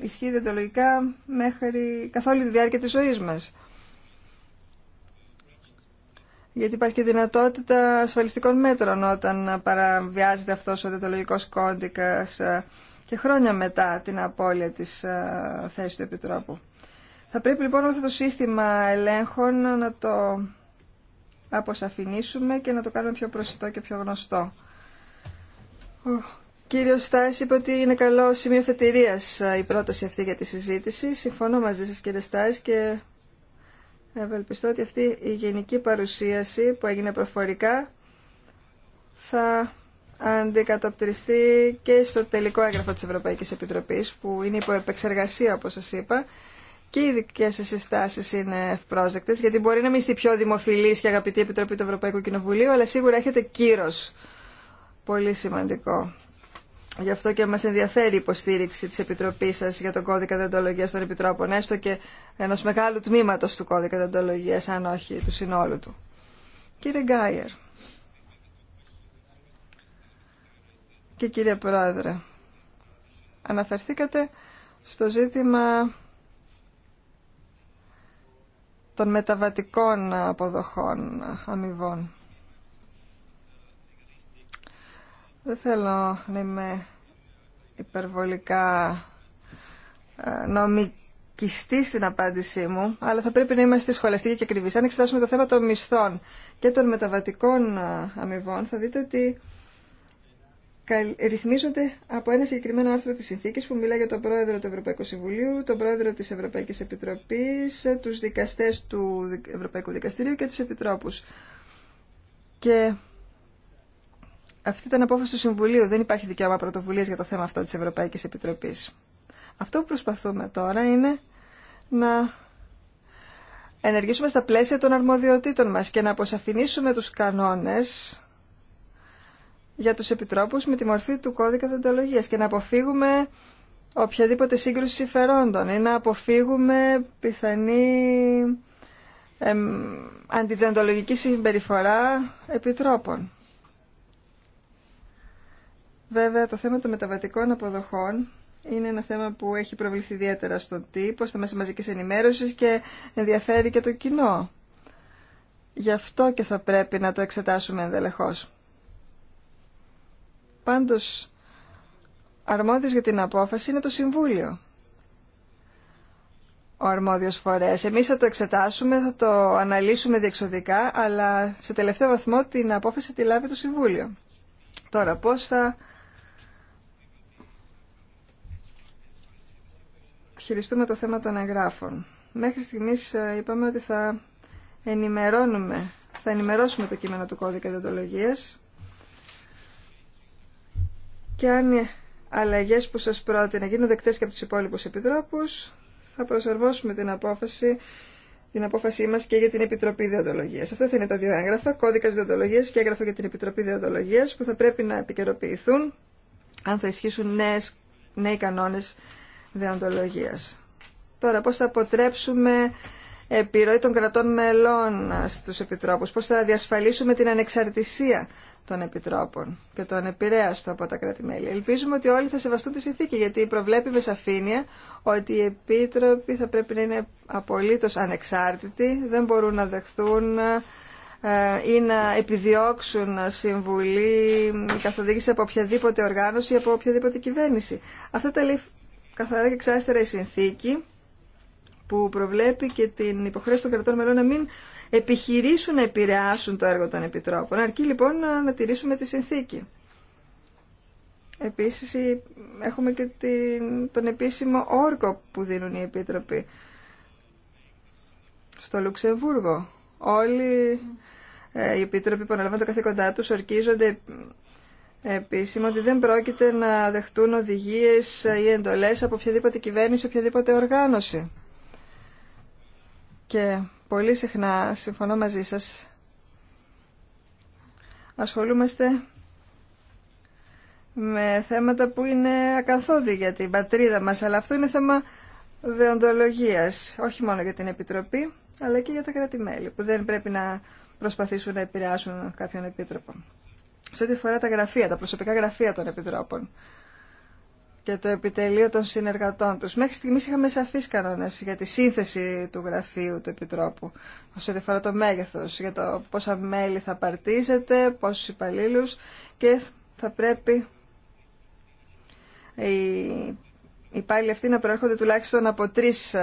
ισχύει διοντολογικά μέχρι καθ' όλη τη διάρκεια της ζωής μας. Γιατί υπάρχει και δυνατότητα ασφαλιστικών μέτρων όταν παραβιάζεται αυτός ο διοντολογικός κώδικας ε, και χρόνια μετά την απώλεια της ε, θέσης του Επιτρόπου. Θα πρέπει λοιπόν αυτό το σύστημα ελέγχων να το αποσαφηνίσουμε και να το κάνουμε πιο προσιτό και πιο γνωστό. Ο κύριος Στάις είπε ότι είναι καλό σημείο φετηρία η πρόταση αυτή για τη συζήτηση. Συμφωνώ μαζί σας κύριε Στάις και ευελπιστώ ότι αυτή η γενική παρουσίαση που έγινε προφορικά θα αντικατοπτριστεί και στο τελικό έγγραφο της Ευρωπαϊκής Επιτροπής που είναι υπό επεξεργασία όπως σας είπα και οι δικέ σα συστάσει είναι ευπρόσδεκτε, γιατί μπορεί να μην είστε πιο δημοφιλή και αγαπητή Επιτροπή του Ευρωπαϊκού Κοινοβουλίου, αλλά σίγουρα έχετε κύρο. Πολύ σημαντικό. Γι' αυτό και μα ενδιαφέρει η υποστήριξη τη Επιτροπή σα για τον κώδικα δεντολογία των Επιτρόπων, έστω και ενό μεγάλου τμήματο του κώδικα δεντολογία, αν όχι του συνόλου του. Κύριε Γκάιερ. Και κύριε Πρόεδρε, αναφερθήκατε στο ζήτημα των μεταβατικών αποδοχών αμοιβών. Δεν θέλω να είμαι υπερβολικά ε, νομικιστή στην απάντησή μου, αλλά θα πρέπει να είμαστε σχολαστικοί και ακριβείς. Αν εξετάσουμε το θέμα των μισθών και των μεταβατικών ε, αμοιβών, θα δείτε ότι ρυθμίζονται από ένα συγκεκριμένο άρθρο της συνθήκης που μιλά για τον πρόεδρο του Ευρωπαϊκού Συμβουλίου, τον πρόεδρο της Ευρωπαϊκής Επιτροπής, ε, τους δικαστές του Ευρωπαϊκού Δικαστηρίου και τους επιτρόπους. Και αυτή ήταν απόφαση του Συμβουλίου. Δεν υπάρχει δικαίωμα πρωτοβουλίας για το θέμα αυτό της Ευρωπαϊκής Επιτροπής. Αυτό που προσπαθούμε τώρα είναι να ενεργήσουμε στα πλαίσια των αρμοδιοτήτων μας και να αποσαφηνίσουμε τους κανόνες για τους επιτρόπους με τη μορφή του κώδικα δοντολογίας και να αποφύγουμε οποιαδήποτε σύγκρουση συμφερόντων ή να αποφύγουμε πιθανή εμ, αντιδεντολογική συμπεριφορά επιτρόπων. Βέβαια, το θέμα των μεταβατικών αποδοχών είναι ένα θέμα που έχει προβληθεί ιδιαίτερα στον τύπο, στα μέσα μαζικής ενημέρωσης και ενδιαφέρει και το κοινό. Γι' αυτό και θα πρέπει να το εξετάσουμε ενδελεχώς. Πάντως, αρμόδιος για την απόφαση είναι το Συμβούλιο. Ο αρμόδιος φορέας. Εμείς θα το εξετάσουμε, θα το αναλύσουμε διεξοδικά, αλλά σε τελευταίο βαθμό την απόφαση τη λάβει το Συμβούλιο. Τώρα, πώς θα χειριστούμε το θέμα των εγγράφων. Μέχρι στιγμής ε, είπαμε ότι θα ενημερώνουμε, θα ενημερώσουμε το κείμενο του κώδικα διοντολογίας και αν οι αλλαγές που σας πρότεινα γίνουν δεκτέ και από του υπόλοιπους επιτρόπους, θα προσαρμόσουμε την απόφαση την απόφασή μα και για την Επιτροπή Διοντολογία. Αυτά θα είναι τα δύο έγγραφα, κώδικα διοντολογία και έγγραφα για την Επιτροπή Διοντολογία, που θα πρέπει να επικαιροποιηθούν αν θα ισχύσουν νέες, νέοι κανόνε διοντολογία. Τώρα, πώ θα αποτρέψουμε επιρροή των κρατών μελών στους επιτρόπους, πώς θα διασφαλίσουμε την ανεξαρτησία των επιτρόπων και τον επηρέαστο από τα κράτη-μέλη. Ελπίζουμε ότι όλοι θα σεβαστούν τη συνθήκη, γιατί προβλέπει με σαφήνεια ότι οι επίτροποι θα πρέπει να είναι απολύτως ανεξάρτητοι, δεν μπορούν να δεχθούν ε, ή να επιδιώξουν συμβουλή καθοδήγηση από οποιαδήποτε οργάνωση ή από οποιαδήποτε κυβέρνηση. Αυτά τα λέει καθαρά και ξάστερα η συνθήκη που προβλέπει και την υποχρέωση των κρατών μελών να μην επιχειρήσουν να επηρεάσουν το έργο των επιτρόπων, αρκεί λοιπόν να τηρήσουμε τη συνθήκη. Επίσης έχουμε και τον επίσημο όρκο που δίνουν οι επίτροποι στο Λουξεμβούργο. Όλοι ε, οι επίτροποι που αναλαμβάνουν το καθήκοντά τους ορκίζονται ε, επίσημα ότι δεν πρόκειται να δεχτούν οδηγίες ή εντολές από οποιαδήποτε κυβέρνηση, οποιαδήποτε οργάνωση. Και πολύ συχνά, συμφωνώ μαζί σας, ασχολούμαστε με θέματα που είναι ακαθόδη για την πατρίδα μας, αλλά αυτό είναι θέμα δεοντολογίας, όχι μόνο για την Επιτροπή, αλλά και για τα κράτη-μέλη, που δεν πρέπει να προσπαθήσουν να επηρεάσουν κάποιον επίτροπο. Σε ό,τι αφορά τα γραφεία, τα προσωπικά γραφεία των επιτρόπων και το επιτελείο των συνεργατών τους. Μέχρι στιγμής είχαμε σαφείς κανόνες για τη σύνθεση του γραφείου του Επιτρόπου, όσο αφορά το μέγεθος, για το πόσα μέλη θα παρτίζετε, πόσους υπαλλήλου και θα πρέπει οι υπάλληλοι αυτοί να προέρχονται τουλάχιστον από τρεις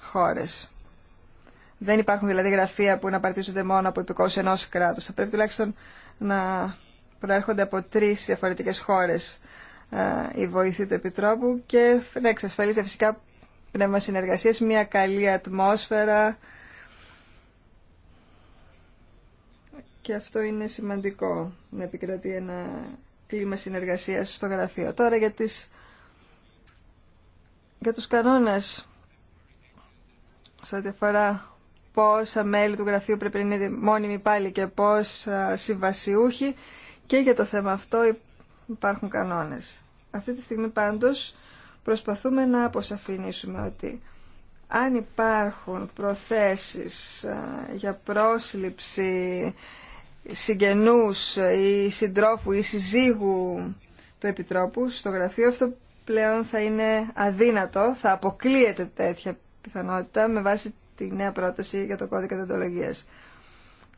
χώρες. Δεν υπάρχουν δηλαδή γραφεία που να παρτίζονται μόνο από υπηκόους ενός κράτου. Θα πρέπει τουλάχιστον να προέρχονται από τρεις διαφορετικές χώρες ε, η βοήθεια του Επιτρόπου και να εξασφαλίσει φυσικά πνεύμα συνεργασίας, μια καλή ατμόσφαιρα και αυτό είναι σημαντικό να επικρατεί ένα κλίμα συνεργασίας στο γραφείο. Τώρα για, τις, για τους κανόνες σε ό,τι αφορά πόσα μέλη του γραφείου πρέπει να είναι μόνιμοι πάλι και πώς συμβασιούχοι και για το θέμα αυτό υπάρχουν κανόνες. Αυτή τη στιγμή πάντως προσπαθούμε να αποσαφηνίσουμε ότι αν υπάρχουν προθέσεις ε, για πρόσληψη συγγενούς ή συντρόφου ή συζύγου του Επιτρόπου στο γραφείο, αυτό πλέον θα είναι αδύνατο, θα αποκλείεται τέτοια πιθανότητα με βάση τη νέα πρόταση για το κώδικα δεντολογίας.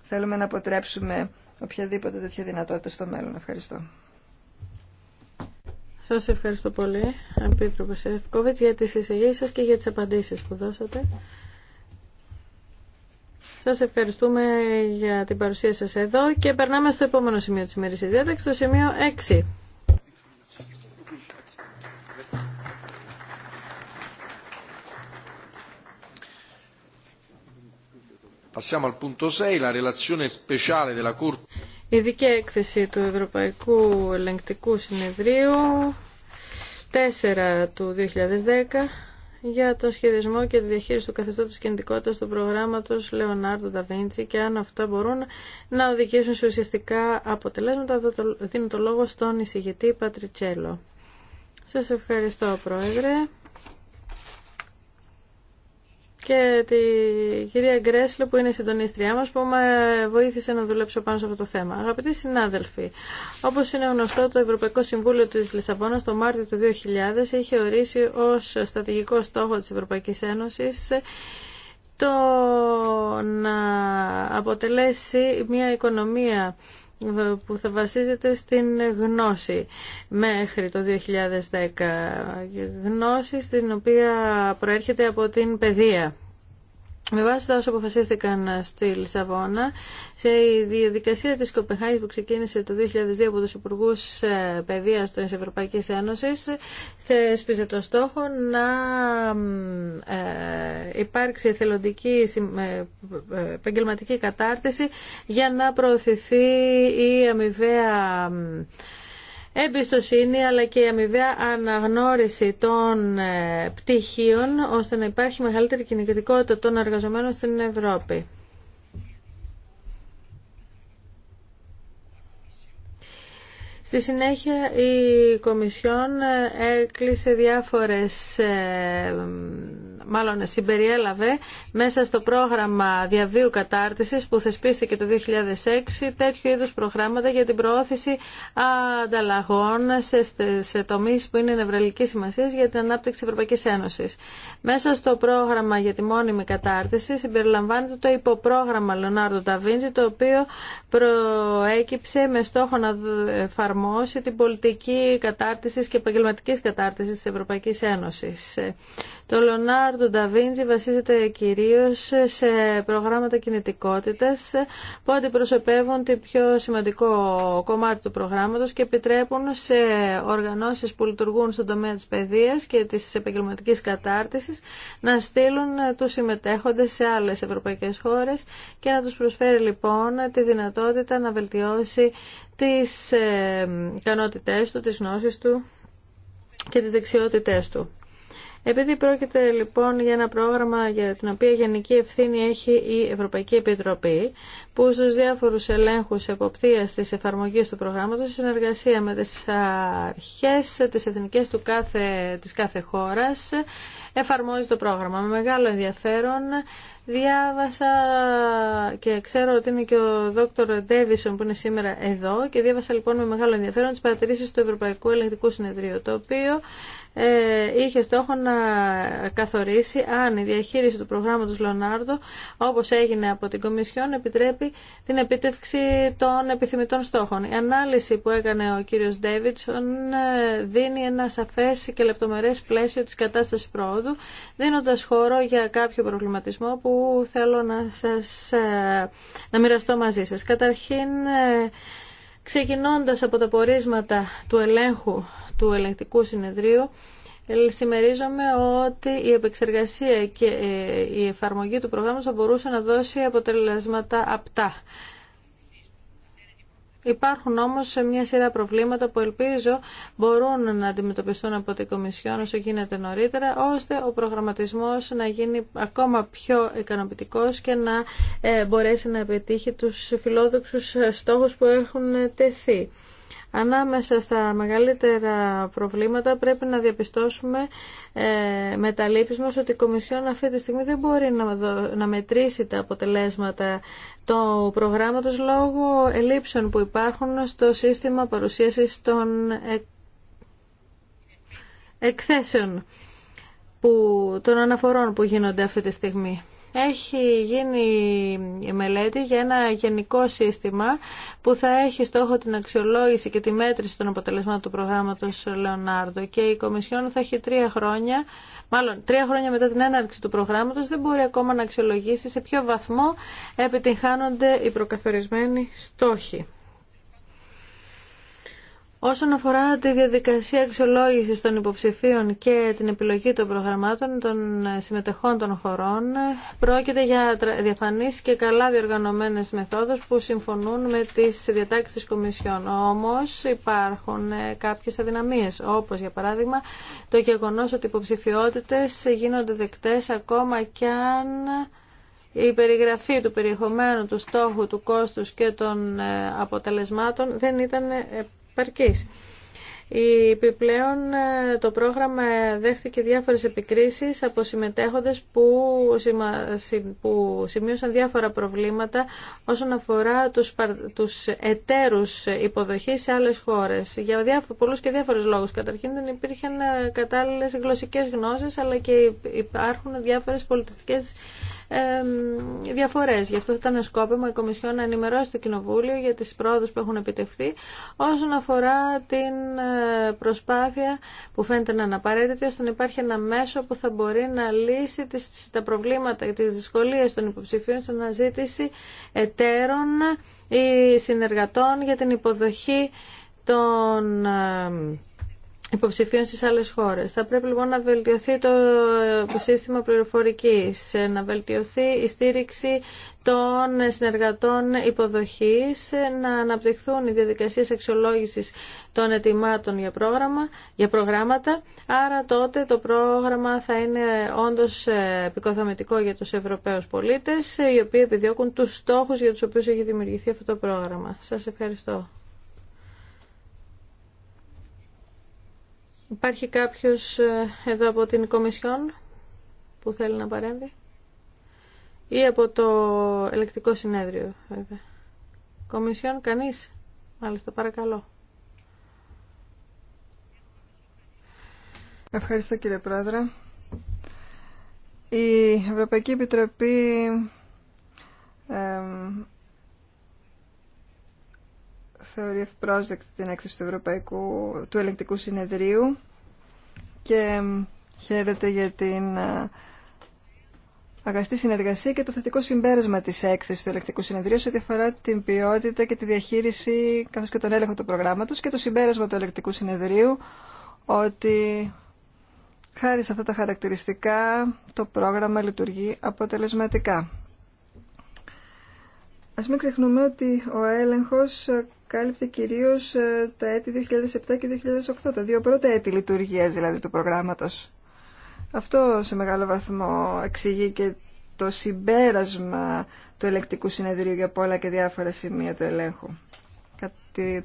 Θέλουμε να αποτρέψουμε οποιαδήποτε τέτοια δυνατότητα στο μέλλον. Ευχαριστώ. Σα ευχαριστώ πολύ, Επίτροπε Σεφκόβιτ, για τις εισηγήσει σα και για τι απαντήσει που δώσατε. Σα ευχαριστούμε για την παρουσία σα εδώ και περνάμε στο επόμενο σημείο τη ημερήσης διάταξη, το σημείο 6. Passiamo al punto 6, la relazione speciale della Corte. Ειδική έκθεση του Ευρωπαϊκού Ελεγκτικού Συνεδρίου 4 του 2010 για τον σχεδιασμό και τη διαχείριση του καθεστώτος κινητικότητας του προγράμματος Λεωνάρντο Νταβίντσι και αν αυτά μπορούν να οδηγήσουν σε ουσιαστικά αποτελέσματα. Δίνω το λόγο στον εισηγητή Πατριτσέλο. Σας ευχαριστώ Πρόεδρε και τη κυρία Γκρέσλο που είναι η συντονίστριά μας που με βοήθησε να δουλέψω πάνω σε αυτό το θέμα. Αγαπητοί συνάδελφοι, όπως είναι γνωστό το Ευρωπαϊκό Συμβούλιο της Λισαβόνας το Μάρτιο του 2000 είχε ορίσει ως στρατηγικό στόχο της Ευρωπαϊκής Ένωσης το να αποτελέσει μια οικονομία που θα βασίζεται στην γνώση μέχρι το 2010. Γνώση στην οποία προέρχεται από την παιδεία. Με βάση τα όσα αποφασίστηκαν στη Λισαβόνα, σε η διαδικασία της Κοπεχάγη που ξεκίνησε το 2002 από τους υπουργού ε, Παιδείας της Ευρωπαϊκής Ένωσης, θέσπιζε τον στόχο να ε, υπάρξει εθελοντική ε, επαγγελματική κατάρτιση για να προωθηθεί η αμοιβαία εμπιστοσύνη αλλά και η αμοιβαία αναγνώριση των ε, πτυχίων ώστε να υπάρχει μεγαλύτερη κινητικότητα των εργαζομένων στην Ευρώπη. Στη συνέχεια η Κομισιόν ε, έκλεισε διάφορες ε, μάλλον συμπεριέλαβε μέσα στο πρόγραμμα διαβίου κατάρτισης που θεσπίστηκε το 2006 τέτοιου είδους προγράμματα για την προώθηση ανταλλαγών σε, σε τομείς που είναι νευραλική σημασία για την ανάπτυξη Ευρωπαϊκής Ένωσης. Μέσα στο πρόγραμμα για τη μόνιμη κατάρτιση συμπεριλαμβάνεται το υποπρόγραμμα Λεωνάρντο Ταβίντζη το οποίο προέκυψε με στόχο να εφαρμόσει την πολιτική κατάρτισης και επαγγελματική κατάρτισης της Ευρωπαϊκής Ένωσης. Το Leonardo του Νταβίντζη βασίζεται κυρίως σε προγράμματα κινητικότητας που αντιπροσωπεύουν το πιο σημαντικό κομμάτι του προγράμματος και επιτρέπουν σε οργανώσεις που λειτουργούν στον τομέα της παιδείας και της επαγγελματικής κατάρτισης να στείλουν τους συμμετέχοντες σε άλλες ευρωπαϊκές χώρες και να τους προσφέρει λοιπόν τη δυνατότητα να βελτιώσει τις ε, ικανότητές του, τις γνώσεις του και τις δεξιότητές του. Επειδή πρόκειται λοιπόν για ένα πρόγραμμα για την οποία γενική ευθύνη έχει η Ευρωπαϊκή Επιτροπή, που στους διάφορους ελέγχους εποπτείας της εφαρμογής του προγράμματος, σε συνεργασία με τις αρχές, τις εθνικές του κάθε, της κάθε χώρας, εφαρμόζει το πρόγραμμα. Με μεγάλο ενδιαφέρον διάβασα και ξέρω ότι είναι και ο δόκτωρ Ντέβισον που είναι σήμερα εδώ και διάβασα λοιπόν με μεγάλο ενδιαφέρον τις παρατηρήσεις του Ευρωπαϊκού Ελεγκτικού Συνεδρίου, το οποίο ε, είχε στόχο να καθορίσει αν η διαχείριση του προγράμματος Λονάρντο, όπως έγινε από την Κομισιόν, επιτρέπει την επίτευξη των επιθυμητών στόχων. Η ανάλυση που έκανε ο κύριος Ντέβιτσον ε, δίνει ένα σαφές και λεπτομερές πλαίσιο της κατάστασης πρόοδου, δίνοντας χώρο για κάποιο προβληματισμό που θέλω να, σας, ε, να μοιραστώ μαζί σας. Καταρχήν, Ξεκινώντας από τα πορίσματα του ελέγχου του ελεγκτικού συνεδρίου, Συμμερίζομαι ότι η επεξεργασία και ε, η εφαρμογή του προγράμματος θα μπορούσε να δώσει αποτελέσματα απτά. Υπάρχουν όμως μια σειρά προβλήματα που ελπίζω μπορούν να αντιμετωπιστούν από την Κομισιόν όσο γίνεται νωρίτερα, ώστε ο προγραμματισμός να γίνει ακόμα πιο ικανοποιητικός και να ε, μπορέσει να επιτύχει τους φιλόδοξους στόχους που έχουν τεθεί. Ανάμεσα στα μεγαλύτερα προβλήματα πρέπει να διαπιστώσουμε ε, με τα μας ότι η Κομισιόν αυτή τη στιγμή δεν μπορεί να, να μετρήσει τα αποτελέσματα του προγράμματος λόγω ελλείψεων που υπάρχουν στο σύστημα παρουσίασης των ε, εκθέσεων που, των αναφορών που γίνονται αυτή τη στιγμή. Έχει γίνει η μελέτη για ένα γενικό σύστημα που θα έχει στόχο την αξιολόγηση και τη μέτρηση των αποτελεσμάτων του προγράμματος Λεωνάρδο και η Κομισιόν θα έχει τρία χρόνια Μάλλον, τρία χρόνια μετά την έναρξη του προγράμματος δεν μπορεί ακόμα να αξιολογήσει σε ποιο βαθμό επιτυγχάνονται οι προκαθορισμένοι στόχοι. Όσον αφορά τη διαδικασία αξιολόγηση των υποψηφίων και την επιλογή των προγραμμάτων των συμμετεχών των χωρών, πρόκειται για διαφανεί και καλά διοργανωμένε μεθόδου που συμφωνούν με τι διατάξεις της Κομισιόν. Όμως υπάρχουν ε, κάποιε αδυναμίες, όπως για παράδειγμα το γεγονό ότι οι υποψηφιότητε γίνονται δεκτές ακόμα κι αν η περιγραφή του περιεχομένου, του στόχου, του κόστους και των ε, αποτελεσμάτων δεν ήταν ε, επαρκής. Η επιπλέον ε, το πρόγραμμα δέχτηκε διάφορες επικρίσεις από συμμετέχοντες που, που σημείωσαν διάφορα προβλήματα όσον αφορά τους, τους εταίρους υποδοχής σε άλλες χώρες. Για διάφο, πολλούς και διάφορους λόγους. Καταρχήν δεν υπήρχαν ε, κατάλληλες γλωσσικές γνώσεις αλλά και υπάρχουν διάφορες πολιτιστικές ε, διαφορές. Γι' αυτό θα ήταν σκόπιμο η Κομισιόν να ενημερώσει το Κοινοβούλιο για τις πρόοδους που έχουν επιτευχθεί όσον αφορά την ε, προσπάθεια που φαίνεται να είναι απαραίτητη ώστε να υπάρχει ένα μέσο που θα μπορεί να λύσει τις, τα προβλήματα και τις δυσκολίες των υποψηφίων στην αναζήτηση εταίρων ή συνεργατών για την υποδοχή των ε, υποψηφίων στις άλλες χώρες. Θα πρέπει λοιπόν να βελτιωθεί το σύστημα πληροφορικής, να βελτιωθεί η στήριξη των συνεργατών υποδοχής, να αναπτυχθούν οι διαδικασίες αξιολόγησης των ετοιμάτων για, πρόγραμμα, για προγράμματα, άρα τότε το πρόγραμμα θα είναι όντως επικοδομητικό για τους Ευρωπαίους πολίτες, οι οποίοι επιδιώκουν τους στόχους για τους οποίους έχει δημιουργηθεί αυτό το πρόγραμμα. Σας ευχαριστώ. Υπάρχει κάποιος ε, εδώ από την Κομισιόν που θέλει να παρέμβει ή από το ελεκτικό συνέδριο βέβαια. Κομισιόν κανείς. Μάλιστα παρακαλώ. Ευχαριστώ κύριε Πρόεδρε. Η Ευρωπαϊκή Επιτροπή θεωρεί ευπρόσδεκτη την έκθεση του Ευρωπαϊκού του Ελεγκτικού Συνεδρίου και χαίρεται για την ε, αγαστή συνεργασία και το θετικό συμπέρασμα της έκθεσης του Ελεκτικού Συνεδρίου σε ό,τι αφορά την ποιότητα και τη διαχείριση καθώς και τον έλεγχο του προγράμματος και το συμπέρασμα του Ελεκτικού Συνεδρίου ότι χάρη σε αυτά τα χαρακτηριστικά το πρόγραμμα λειτουργεί αποτελεσματικά. Ας μην ξεχνούμε ότι ο έλεγχος κάλυπτε κυρίως ε, τα έτη 2007 και 2008, τα δύο πρώτα έτη λειτουργίας δηλαδή του προγράμματος. Αυτό σε μεγάλο βαθμό εξηγεί και το συμπέρασμα του ελεκτικού συνεδρίου για πολλά και διάφορα σημεία του ελέγχου.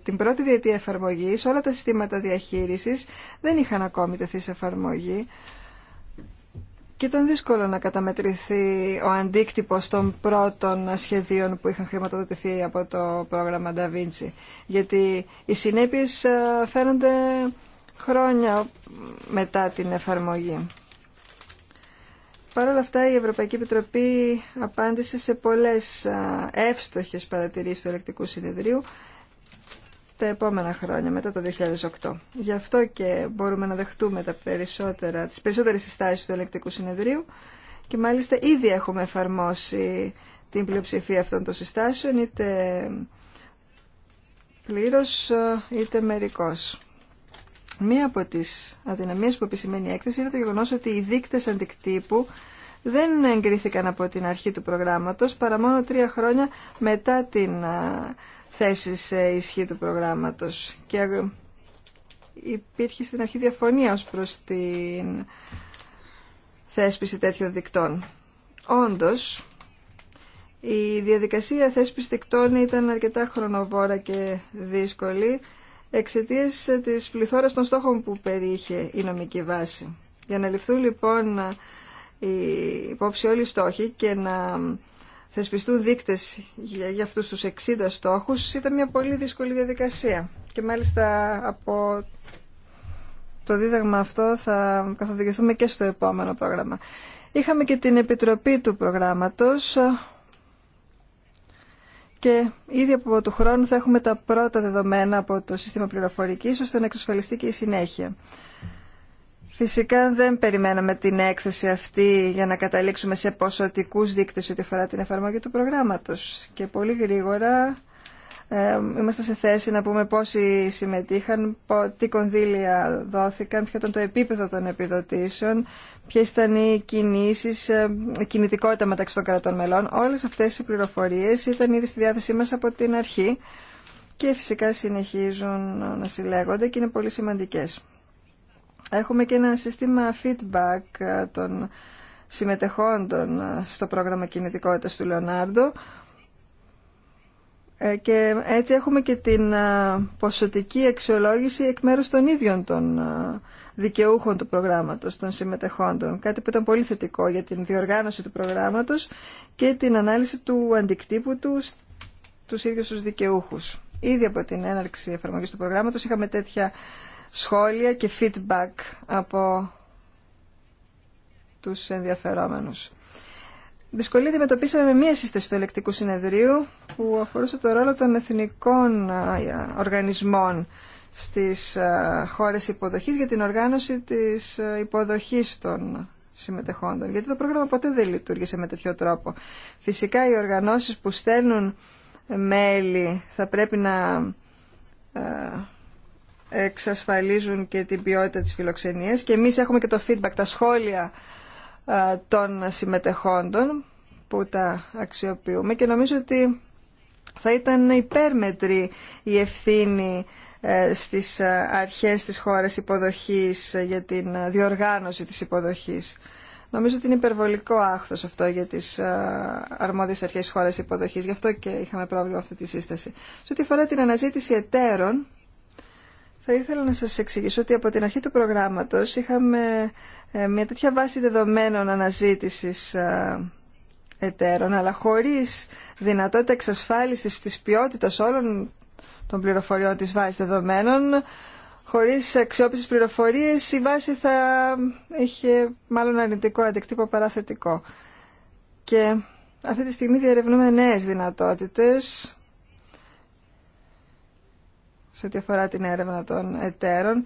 την πρώτη διετία εφαρμογής όλα τα συστήματα διαχείρισης δεν είχαν ακόμη τεθεί σε εφαρμογή και ήταν δύσκολο να καταμετρηθεί ο αντίκτυπος των πρώτων σχεδίων που είχαν χρηματοδοτηθεί από το πρόγραμμα Da Vinci. Γιατί οι συνέπειες ε, φαίνονται χρόνια μετά την εφαρμογή. Παρ' όλα αυτά η Ευρωπαϊκή Επιτροπή απάντησε σε πολλές ε, εύστοχες παρατηρήσεις του Ελεκτικού Συνεδρίου τα επόμενα χρόνια, μετά το 2008. Γι' αυτό και μπορούμε να δεχτούμε τα περισσότερα, τις περισσότερες συστάσεις του ελεκτικού συνεδρίου και μάλιστα ήδη έχουμε εφαρμόσει την πλειοψηφία αυτών των συστάσεων, είτε πλήρως είτε μερικώς. Μία από τις αδυναμίες που επισημαίνει η έκθεση είναι το γεγονός ότι οι δείκτες αντικτύπου δεν εγκρίθηκαν από την αρχή του προγράμματος παρά μόνο τρία χρόνια μετά την θέση σε ισχύ του προγράμματος. Και ε, υπήρχε στην αρχή διαφωνία ως προς την θέσπιση τέτοιων δικτών. Όντως, η διαδικασία θέσπισης δικτών ήταν αρκετά χρονοβόρα και δύσκολη εξαιτία της πληθώρας των στόχων που περιείχε η νομική βάση. Για να ληφθούν λοιπόν οι ε, υπόψη όλοι οι στόχοι και να θεσπιστούν δείκτες για, για αυτούς τους 60 στόχους ήταν μια πολύ δύσκολη διαδικασία. Και μάλιστα από το δίδαγμα αυτό θα καθοδηγηθούμε και στο επόμενο πρόγραμμα. Είχαμε και την επιτροπή του προγράμματος και ήδη από του χρόνου θα έχουμε τα πρώτα δεδομένα από το σύστημα πληροφορικής ώστε να εξασφαλιστεί και η συνέχεια. Φυσικά δεν περιμέναμε την έκθεση αυτή για να καταλήξουμε σε ποσοτικούς δείκτες ό,τι αφορά την εφαρμογή του προγράμματος. Και πολύ γρήγορα ε, είμαστε σε θέση να πούμε πόσοι συμμετείχαν, τι κονδύλια δόθηκαν, ποιο ήταν το επίπεδο των επιδοτήσεων, ποιε ήταν οι κινήσεις, ε, η κινητικότητα μεταξύ των κρατών μελών. Όλες αυτές οι πληροφορίες ήταν ήδη στη διάθεσή μας από την αρχή και φυσικά συνεχίζουν να συλλέγονται και είναι πολύ σημαντικές. Έχουμε και ένα σύστημα feedback ε, των συμμετεχόντων ε, στο πρόγραμμα κινητικότητας του Λεωνάρντο ε, και έτσι έχουμε και την ποσοτική αξιολόγηση εκ μέρους των ίδιων των δικαιούχων του προγράμματος, των συμμετεχόντων. Κάτι που ήταν πολύ θετικό για την διοργάνωση του προγράμματος και την ανάλυση του αντικτύπου του στους ίδιους τους δικαιούχους. Ήδη από την έναρξη εφαρμογής του προγράμματος είχαμε τέτοια σχόλια και feedback από τους ενδιαφερόμενους. Δυσκολία αντιμετωπίσαμε με μία σύσταση του ελεκτικού συνεδρίου που αφορούσε το ρόλο των εθνικών οργανισμών στις χώρες υποδοχής για την οργάνωση της υποδοχής των συμμετεχόντων. Γιατί το πρόγραμμα ποτέ δεν λειτουργήσε με τέτοιο τρόπο. Φυσικά οι οργανώσεις που στέλνουν μέλη θα πρέπει να εξασφαλίζουν και την ποιότητα της φιλοξενίας και εμείς έχουμε και το feedback, τα σχόλια των συμμετεχόντων που τα αξιοποιούμε και νομίζω ότι θα ήταν υπέρμετρη η ευθύνη ε, στις ε, αρχές της χώρας υποδοχής για την ε, διοργάνωση της υποδοχής. Νομίζω ότι είναι υπερβολικό άχθος αυτό για τις αρμόδιες αρχές της χώρας υποδοχής. Γι' αυτό και είχαμε πρόβλημα αυτή τη σύσταση. Σε ό,τι αφορά την αναζήτηση εταίρων, θα ήθελα να σας εξηγήσω ότι από την αρχή του προγράμματος είχαμε ε, μια τέτοια βάση δεδομένων αναζήτησης ε, εταίρων, αλλά χωρίς δυνατότητα εξασφάλισης της ποιότητας όλων των πληροφοριών της βάσης δεδομένων, χωρίς αξιόπιστες πληροφορίες, η βάση θα είχε μάλλον αρνητικό αντικτύπο παραθετικό. Και αυτή τη στιγμή διαρευνούμε νέες δυνατότητες σε ό,τι αφορά την έρευνα των εταίρων,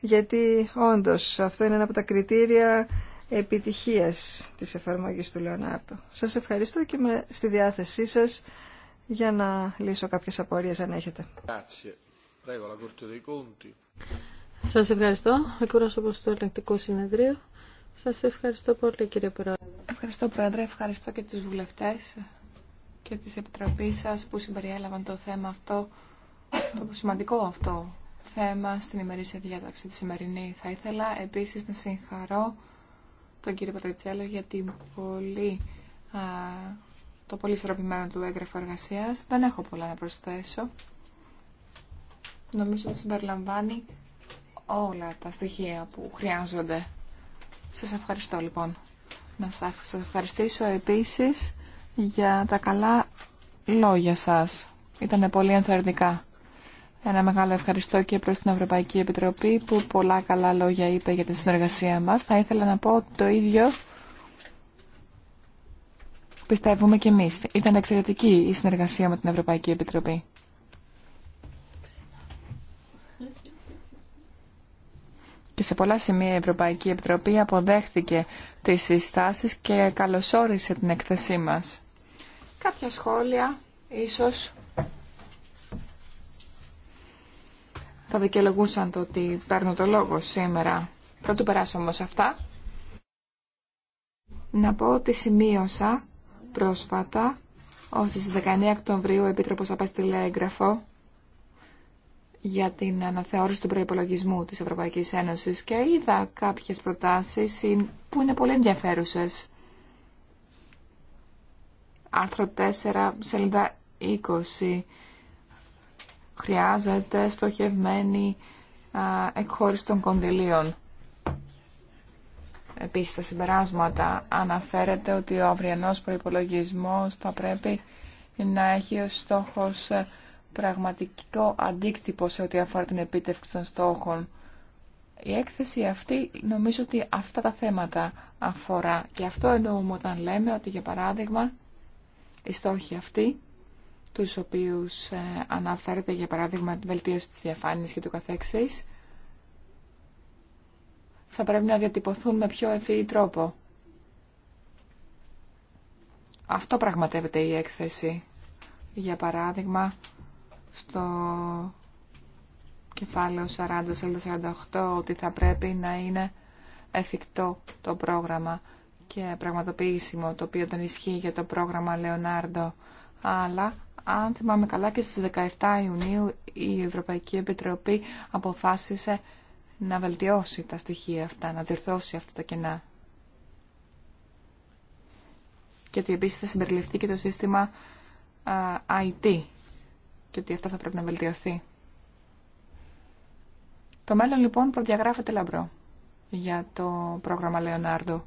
γιατί όντως αυτό είναι ένα από τα κριτήρια επιτυχίας της εφαρμογής του Λεωνάρτο. Σας ευχαριστώ και με στη διάθεσή σας για να λύσω κάποιες απορίες αν έχετε. Σας ευχαριστώ, όπως το ελεκτικό συνεδρίο. Σας ευχαριστώ πολύ κύριε Πρόεδρε. Ευχαριστώ Πρόεδρε, ευχαριστώ και τους βουλευτές και της Επιτροπής σας που συμπεριέλαβαν το θέμα αυτό το σημαντικό αυτό θέμα στην ημερήσια διάταξη τη σημερινή. Θα ήθελα επίσης να συγχαρώ τον κύριο Πατριτσέλο για πολύ, το πολύ ισορροπημένο του έγγραφο εργασία. Δεν έχω πολλά να προσθέσω. Νομίζω ότι συμπεριλαμβάνει όλα τα στοιχεία που χρειάζονται. Σας ευχαριστώ λοιπόν. Να σας ευχαριστήσω επίσης για τα καλά λόγια σας. Ήταν πολύ ενθαρρυντικά. Ένα μεγάλο ευχαριστώ και προς την Ευρωπαϊκή Επιτροπή που πολλά καλά λόγια είπε για τη συνεργασία μας. Θα ήθελα να πω το ίδιο πιστεύουμε και εμείς. Ήταν εξαιρετική η συνεργασία με την Ευρωπαϊκή Επιτροπή. Και σε πολλά σημεία η Ευρωπαϊκή Επιτροπή αποδέχθηκε τις συστάσεις και καλωσόρισε την εκθεσή μας. Κάποια σχόλια ίσως θα δικαιολογούσαν το ότι παίρνω το λόγο σήμερα. Πρώτου περάσω όμως αυτά. Να πω ότι σημείωσα πρόσφατα ότι στις 19 Οκτωβρίου ο Επίτροπος απέστειλε έγγραφο για την αναθεώρηση του προϋπολογισμού της Ευρωπαϊκής Ένωσης και είδα κάποιες προτάσεις που είναι πολύ ενδιαφέρουσες. Άρθρο 4, σελίδα 20 Χρειάζεται στοχευμένη εκχώρηση των κονδυλίων. Επίσης, στα συμπεράσματα αναφέρεται ότι ο αυριανός προϋπολογισμός θα πρέπει να έχει ως στόχος ε, πραγματικό αντίκτυπο σε ό,τι αφορά την επίτευξη των στόχων. Η έκθεση αυτή νομίζω ότι αυτά τα θέματα αφορά και αυτό εννοούμε όταν λέμε ότι για παράδειγμα οι στόχοι αυτοί τους οποίους ε, αναφέρεται για παράδειγμα την βελτίωση της διαφάνειας και του καθεξής, θα πρέπει να διατυπωθούν με πιο ευφυή τρόπο. Αυτό πραγματεύεται η έκθεση. Για παράδειγμα, στο κεφάλαιο 40-48 ότι θα πρέπει να είναι εφικτό το πρόγραμμα και πραγματοποιήσιμο, το οποίο δεν ισχύει για το πρόγραμμα Λεωνάρντο, αλλά αν θυμάμαι καλά και στις 17 Ιουνίου η Ευρωπαϊκή Επιτροπή αποφάσισε να βελτιώσει τα στοιχεία αυτά, να διορθώσει αυτά τα κενά. Και ότι επίσης θα συμπεριληφθεί και το σύστημα IT και ότι αυτό θα πρέπει να βελτιωθεί. Το μέλλον λοιπόν προδιαγράφεται λαμπρό για το πρόγραμμα Λεωνάρντο.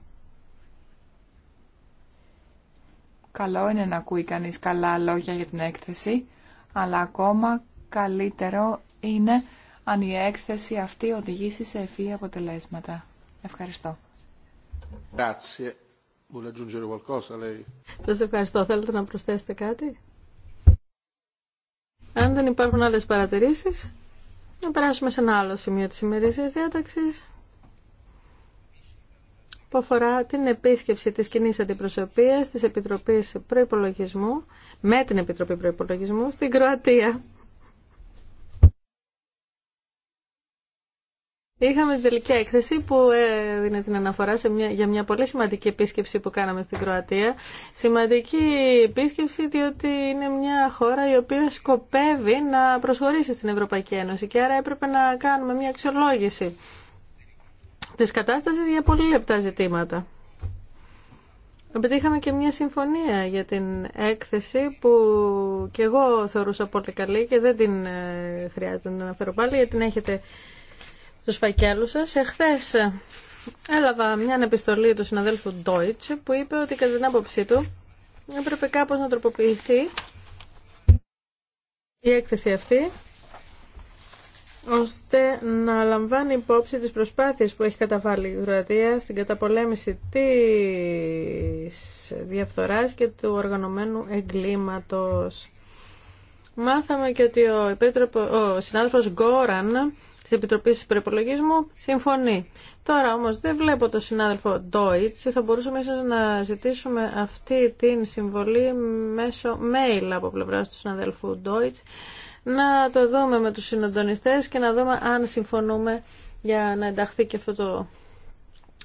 Καλό είναι να ακούει κανείς καλά λόγια για την έκθεση, αλλά ακόμα καλύτερο είναι αν η έκθεση αυτή οδηγήσει σε ευφύ αποτελέσματα. Ευχαριστώ. Σας ευχαριστώ. Θέλετε να προσθέσετε κάτι? Αν δεν υπάρχουν άλλες παρατηρήσεις, να περάσουμε σε ένα άλλο σημείο της ημερήσιας διάταξης που αφορά την επίσκεψη της κοινή αντιπροσωπείας της Επιτροπής Προϋπολογισμού με την Επιτροπή Προϋπολογισμού στην Κροατία. Είχαμε την τελική έκθεση που έδινε ε, την αναφορά σε μια, για μια πολύ σημαντική επίσκεψη που κάναμε στην Κροατία. Σημαντική επίσκεψη διότι είναι μια χώρα η οποία σκοπεύει να προσχωρήσει στην Ευρωπαϊκή Ένωση και άρα έπρεπε να κάνουμε μια αξιολόγηση της κατάστασης για πολύ λεπτά ζητήματα. Επιτύχαμε και μια συμφωνία για την έκθεση που και εγώ θεωρούσα πολύ καλή και δεν την ε, χρειάζεται να την αναφέρω πάλι γιατί την έχετε στους φακέλους σας. Εχθές ε, έλαβα μια επιστολή του συναδέλφου Deutsch που είπε ότι κατά την άποψή του έπρεπε κάπως να τροποποιηθεί η έκθεση αυτή ώστε να λαμβάνει υπόψη τις προσπάθειες που έχει καταβάλει η Κροατία στην καταπολέμηση της διαφθοράς και του οργανωμένου εγκλήματος. Μάθαμε και ότι ο, επίτροπο, ο συνάδελφος Γκόραν της Επιτροπής Υπερπολογισμού συμφωνεί. Τώρα όμως δεν βλέπω τον συνάδελφο Ντόιτς. Θα μπορούσαμε ίσως να ζητήσουμε αυτή την συμβολή μέσω mail από πλευράς του συναδέλφου Ντόιτς να το δούμε με τους συναντονιστές και να δούμε αν συμφωνούμε για να ενταχθεί και αυτό το,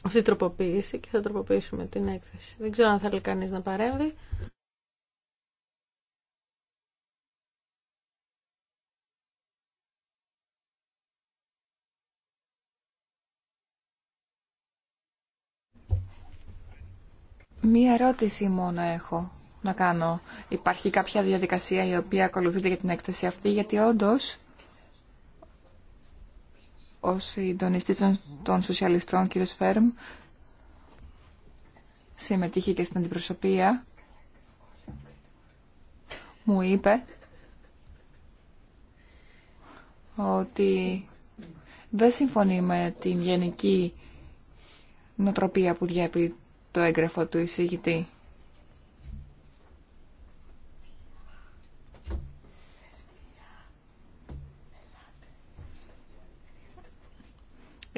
αυτή η τροποποίηση και θα τροποποιήσουμε την έκθεση. Δεν ξέρω αν θέλει κανείς να παρέμβει. Μία ερώτηση μόνο έχω να κάνω. Υπάρχει κάποια διαδικασία η οποία ακολουθείται για την έκθεση αυτή, γιατί όντως ο συντονιστή των, σοσιαλιστών, κύριο Φέρμ, συμμετείχε και στην αντιπροσωπεία, μου είπε ότι δεν συμφωνεί με την γενική νοτροπία που διέπει το έγγραφο του εισηγητή.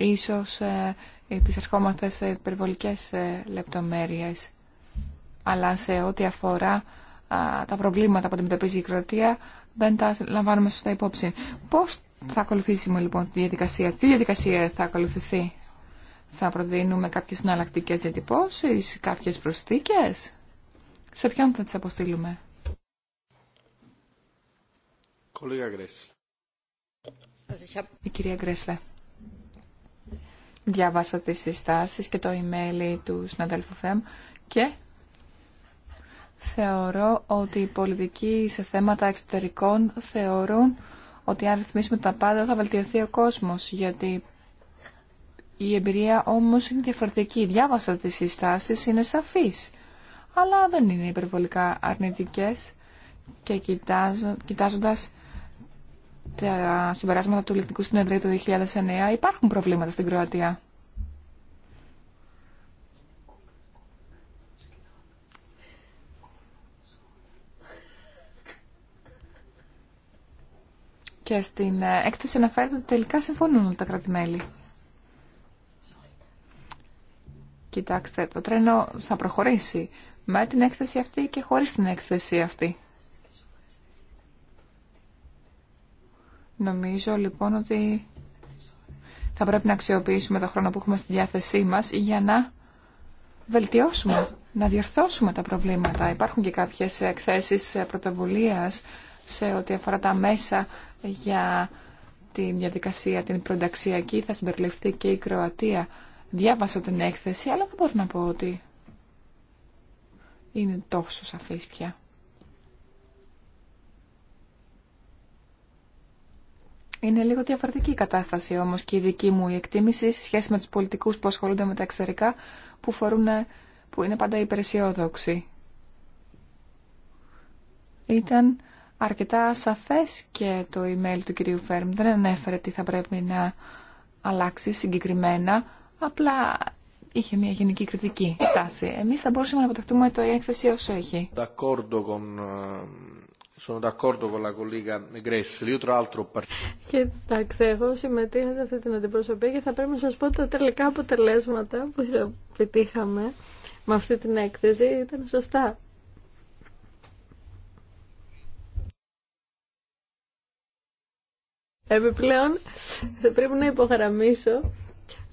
Ίσως ε, επισερχόμαστε σε υπερβολικές ε, λεπτομέρειες. Αλλά σε ό,τι αφορά τα προβλήματα που αντιμετωπίζει η Κροατία δεν τα λαμβάνουμε σωστά υπόψη. Πώς θα ακολουθήσουμε λοιπόν τη διαδικασία, τι διαδικασία θα ακολουθηθεί. Θα προδίνουμε κάποιες συναλλακτικέ διατυπώσεις, κάποιες προσθήκες. Σε ποιον θα τις αποστείλουμε. Η κυρία Γκρέσλε διάβασα τις συστάσεις και το email του συναδέλφου ΦΕΜ και θεωρώ ότι οι πολιτικοί σε θέματα εξωτερικών θεωρούν ότι αν ρυθμίσουμε τα πάντα θα βελτιωθεί ο κόσμος γιατί η εμπειρία όμως είναι διαφορετική. Διάβασα τις συστάσεις, είναι σαφείς αλλά δεν είναι υπερβολικά αρνητικές και κοιτάζοντας τα συμπεράσματα του Λεκτικού Συνεδρίου του 2009 υπάρχουν προβλήματα στην Κροατία. Και στην ε, έκθεση αναφέρεται ότι τελικά συμφωνούν τα κράτη-μέλη. Κοιτάξτε, το τρένο θα προχωρήσει με την έκθεση αυτή και χωρίς την έκθεση αυτή. Νομίζω λοιπόν ότι θα πρέπει να αξιοποιήσουμε το χρόνο που έχουμε στη διάθεσή μας για να βελτιώσουμε, να διορθώσουμε τα προβλήματα. Υπάρχουν και κάποιες εκθέσεις πρωτοβουλίας σε ό,τι αφορά τα μέσα για τη διαδικασία, την προνταξιακή, θα συμπεριληφθεί και η Κροατία. Διάβασα την έκθεση, αλλά δεν μπορώ να πω ότι είναι τόσο σαφής πια. Είναι λίγο διαφορετική η κατάσταση όμω και η δική μου η εκτίμηση σε σχέση με του πολιτικού που ασχολούνται με τα εξωτερικά που, που είναι πάντα υπεραισιόδοξοι. Ήταν αρκετά σαφές και το email του κυρίου Φέρμ. Δεν ανέφερε τι θα πρέπει να αλλάξει συγκεκριμένα, απλά είχε μια γενική κριτική στάση. Εμείς θα μπορούσαμε να αποτεχτούμε το έκθεση όσο έχει. Κοιτάξτε, εγώ συμμετείχα σε αυτή την αντιπροσωπεία και θα πρέπει να σα πω τα τελικά αποτελέσματα που επιτύχαμε με αυτή την έκθεση ήταν σωστά. Επιπλέον, θα πρέπει να υπογραμμίσω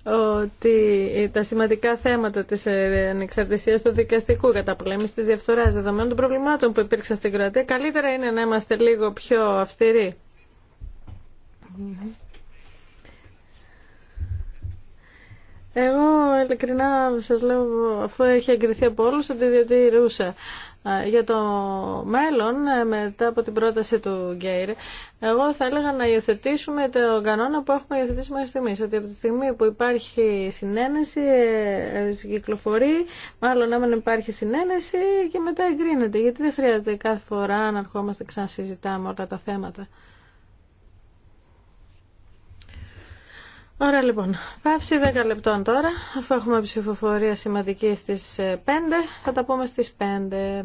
ότι τα σημαντικά θέματα της ε, ανεξαρτησίας του δικαστικού κατά πολέμηση της διαφθοράς δεδομένων των προβλημάτων που υπήρξαν στην Κροατία καλύτερα είναι να είμαστε λίγο πιο αυστηροί. Εγώ ειλικρινά σας λέω αφού έχει εγκριθεί από όλους ότι διατηρούσα για το μέλλον, ε, μετά από την πρόταση του Γκέιρ, εγώ θα έλεγα να υιοθετήσουμε το κανόνα που έχουμε υιοθετήσει μέχρι στιγμή. Ότι από τη στιγμή που υπάρχει συνένεση, ε, ε, κυκλοφορεί, μάλλον άμα υπάρχει συνένεση και μετά εγκρίνεται. Γιατί δεν χρειάζεται κάθε φορά να αρχόμαστε ξανά συζητάμε όλα τα θέματα. Ωραία λοιπόν, παύση 10 λεπτών τώρα, αφού έχουμε ψηφοφορία σημαντική στις 5, θα τα πούμε στις 5.